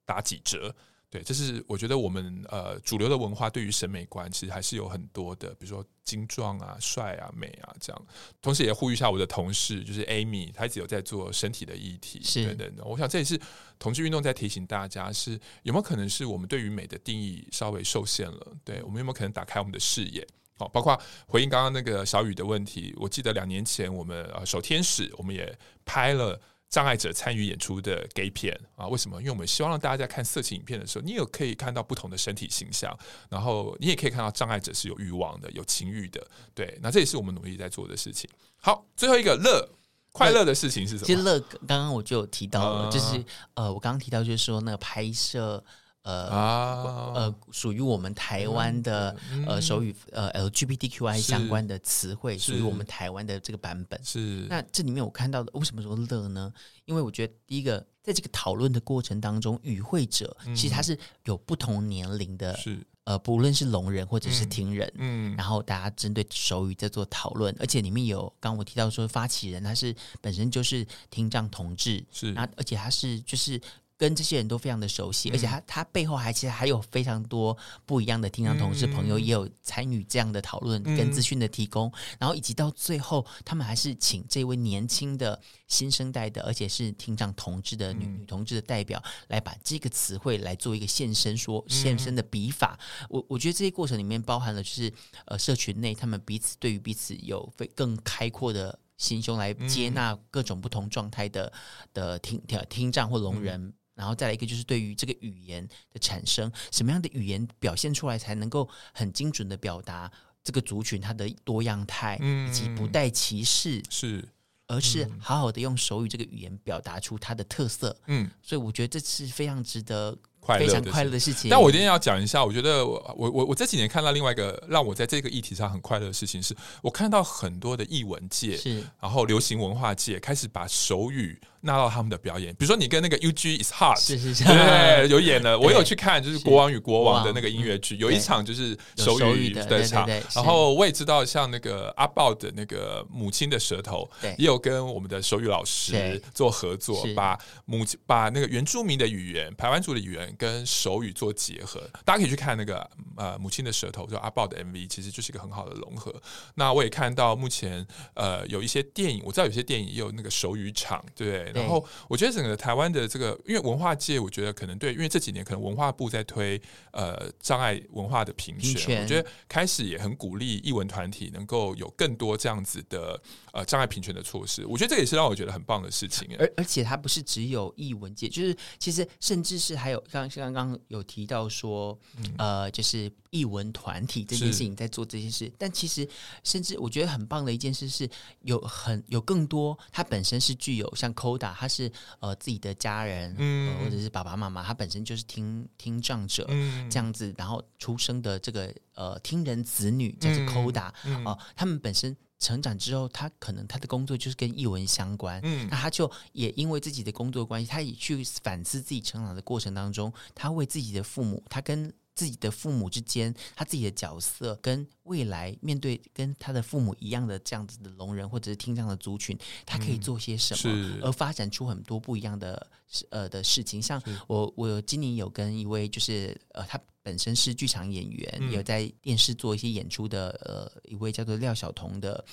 打幾折。對，這是我覺得我們呃主流的文化對於審美觀，其實還是有很多的，比如說精壯啊、帥啊、美啊這樣。同時，也呼籲一下我的同事，就是 Amy，她一直有在做身體的議題等等。是對對，我想這也是同志運動在提醒大家是，是有沒有可能是我們對於美的定義稍微受限了？對，我們有沒有可能打開我們的視野？包括回應剛剛那個小宇的問題，我記得兩年前我們呃手天使，我們也拍了障礙者參與演出的 gay 片啊。為什麼？因為我們希望讓大家在看色情影片的時候，你也有可以看到不同的身體形象，然後你也可以看到障礙者是有慾望的、有情慾的。對，那這也是我們努力在做的事情。好，最後一個樂那快樂的事情是什麼？其實樂剛剛我就有提到了，嗯、就是呃，我剛剛提到就是說那個拍攝。呃啊，呃，屬於我們台灣的、嗯、呃手語呃 LGBTQI 相關的詞彙，是屬於我們台灣的這個版本。是那這裡面我看到的、哦，為什麼說樂呢？因為我覺得第一個，在這個討論的過程當中，與會者其實他是有不同年齡的，是、嗯、呃，不論是聾人或者是聽人，嗯，嗯然後大家針對手語在做討論，而且裡面有剛剛我提到說，發起人他是本身就是聽障同志，是那而且他是就是。跟這些人都非常的熟悉，嗯、而且他他背後還其實還有非常多不一樣的聽障同志朋友也有參與這樣的討論跟資訊的提供，嗯、然後以及到最後，他們還是請這位年輕的新生代的，而且是聽障同志的女、嗯、女同志的代表來把這個詞彙來做一個現身說、嗯、現身的比法。我我覺得這些過程裡面包含了就是呃，社群內他們彼此對於彼此有非更開闊的心胸來接納各種不同狀態的、嗯、的聽聽障或聾人。嗯然後再來一個，就是對於這個語言的產生，什麼樣的語言表現出來才能夠很精準的表達這個族群它的多樣態，嗯、以及不帶歧視，是，而是好好的用手語這個語言表達出它的特色。嗯，所以我覺得這是非常值得快樂，非常快樂的事情，就是。但我今天要講一下，我覺得我我我這幾年看到另外一個讓我在這個議題上很快樂的事情是，是我看到很多的藝文界是，然後流行文化界開始把手語。拿到他們的表演，比如說你跟那個 U G is hard，是是是對，對，對，有演的，我有去看，就是《國王與國王》的那個音樂劇，有一場就是手語的場。然後我也知道，像那個阿爆的那個《母親的舌頭》，也有跟我們的手語老師做合作，把母把那個原住民的語言、排灣族的語言跟手語做結合。大家可以去看那個呃《母親的舌頭》就阿爆的 M V，其實就是一個很好的融合。那我也看到目前呃有一些電影，我知道有些電影也有那個手語場，對，對，對。然後，我覺得整個台灣的這個，因為文化界，我覺得可能對，因為這幾年可能文化部在推，呃，障礙文化的評選，全我覺得開始也很鼓勵藝文團體能夠有更多這樣子的。呃，障礙平權的措施，我覺得這也是讓我覺得很棒的事情。而而且它不是只有藝文界，就是其實甚至是還有像剛剛有提到說，嗯、呃，就是藝文團體這件事情在做這件事，是但其實甚至我覺得很棒的一件事是，有很有更多，他本身是具有像 CODA，他是呃自己的家人、嗯、或者是爸爸媽媽，他本身就是聽聽障者這樣子，嗯、然後出生的這個呃聽人子女叫做 CODA 啊、嗯呃，他們本身。成長之後，他可能他的工作就是跟譯文相關，嗯，那他就也因為自己的工作關係，他也去反思自己成長的過程當中，他為自己的父母，他跟自己的父母之間，他自己的角色，跟未來面對跟他的父母一樣的這樣子的聾人或者是聽障的族群，他可以做些什麼，嗯、而發展出很多不一樣的呃的事情。像我，是我今年有跟一位就是呃他。本身是劇場演員，嗯、有在電視做一些演出的，呃，一位叫做廖曉彤的，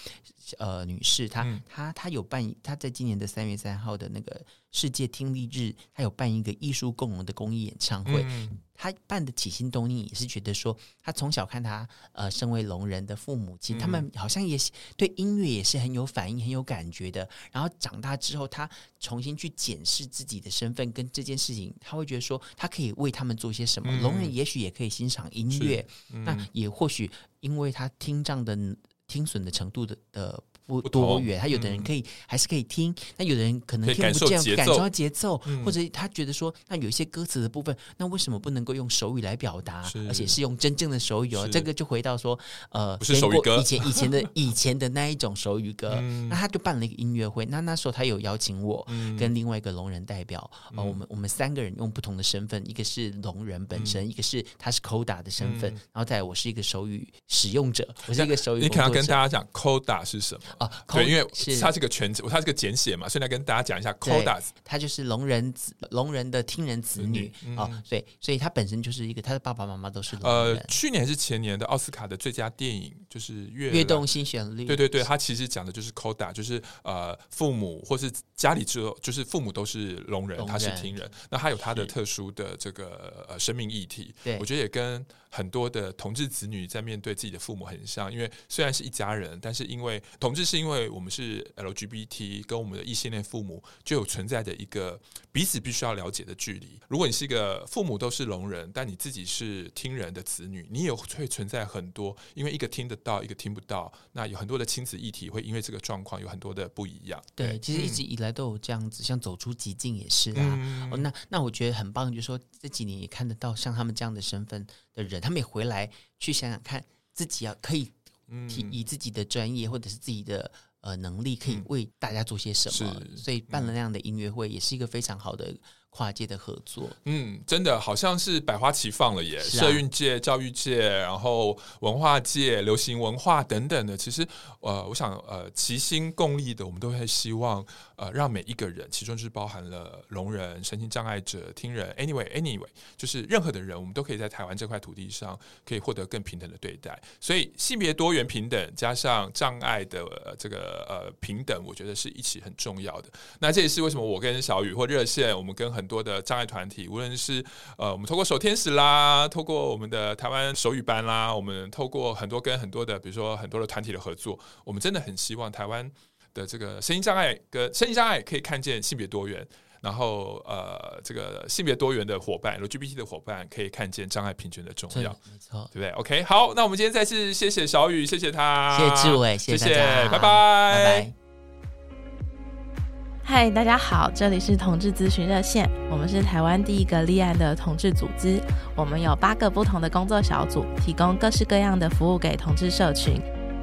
呃，女士，她、嗯、她她有辦，她在今年的三月三號的那個世界聽力日，她有辦一個藝術共融的公益演唱會。嗯他辦的起心動念也是覺得說，他從小看他呃，身為聾人的父母，其實他們好像也對音樂也是很有反應、很有感覺的。然後長大之後，他重新去檢視自己的身份跟這件事情，他會覺得說，他可以為他們做些什麼。聾人，嗯，也許也可以欣賞音樂，嗯，那也或許因為他聽障的聽損的程度的的。不多遠，他有的人可以還是可以聽，那有的人可能聽不見，感受節奏，或者他覺得說，那有一些歌詞的部分，那為什麼不能夠用手語來表達？而且是用真正的手語哦，這個就回到說，呃，以前以前的以前的那一種手語歌，那他就辦了一個音樂會，那那時候他有邀請我跟另外一個聾人代表，哦，我們我們三個人用不同的身份，一個是聾人本身，一個是他是 CODA 的身份，然後再來我是一個手語使用者，我是一個手語，你可能要跟大家講 CODA 是什麼？啊，對，因為他是個全職，他是個簡寫嘛，所以來跟大家講一下，Coda，他就是聾人子，聾人的聽人子女啊，對，所以他本身就是一個，他的爸爸媽媽都是呃，去年還是前年的奧斯卡的最佳電影就是《樂動心旋律》，對對對，他其實講的就是 Coda，就是呃，父母或是家裡之，就是父母都是聾人，他是聽人，那他有他的特殊的這個呃生命議題，對，我覺得也跟很多的同志子女在面對自己的父母很像，因為雖然是一家人，但是因為同志。這是因為我們是 LGBT，跟我們的異性戀父母就有存在着一個彼此必須要了解的距離。如果你是一個父母都是聾人，但你自己是聽人的子女，你也會存在很多，因為一個聽得到，一個聽不到，那有很多的親子議題會因為這個狀況有很多的不一樣。對，對，其實一直以來都有這樣子，嗯、像走出寂靜也是啊。嗯、哦，那那我覺得很棒，就是說這幾年也看得到像他們這樣的身份的人，他們也回來去想想看自己要、啊、可以。以、嗯、以自己的專業或者是自己的呃能力，可以為大家做些什麼，嗯？嗯、所以辦了那樣的音樂會，也是一個非常好的跨界的合作。嗯，真的好像是百花齊放了，耶。啊、社運界、教育界，然後文化界、流行文化等等的。其實呃，我想呃，齊心共力的，我們都會希望。呃，讓每一個人，其中是包含了聾人、身心障礙者、聽人，anyway，anyway，anyway，就是任何的人，我們都可以在台灣這塊土地上可以獲得更平等的對待。所以性別多元平等加上障礙的這個呃平等，我覺得是一起很重要的。那這也是為什麼我跟小宇或熱線，我們跟很多的障礙團體，無論是呃，我們透過手天使啦、透過我們的台灣手語班啦，我們透過很多跟很多的，比如說很多的團體的合作，我們真的很希望台灣，的這個身心障礙跟身心障礙可以看見性別多元，然後呃，這個性別多元的夥伴，LGBT 的夥伴可以看見障礙平權的重要，沒錯，對不對？OK，好，那我們今天再次謝謝小宇，謝謝他，謝謝志偉，謝謝，謝，謝，拜拜，嗨 bye，Hi, 大家好，這裡是同志諮詢熱線，我們是台灣第一個立案的同志組織，我們有八個不同的工作小組，提供各式各樣的服務給同志社群。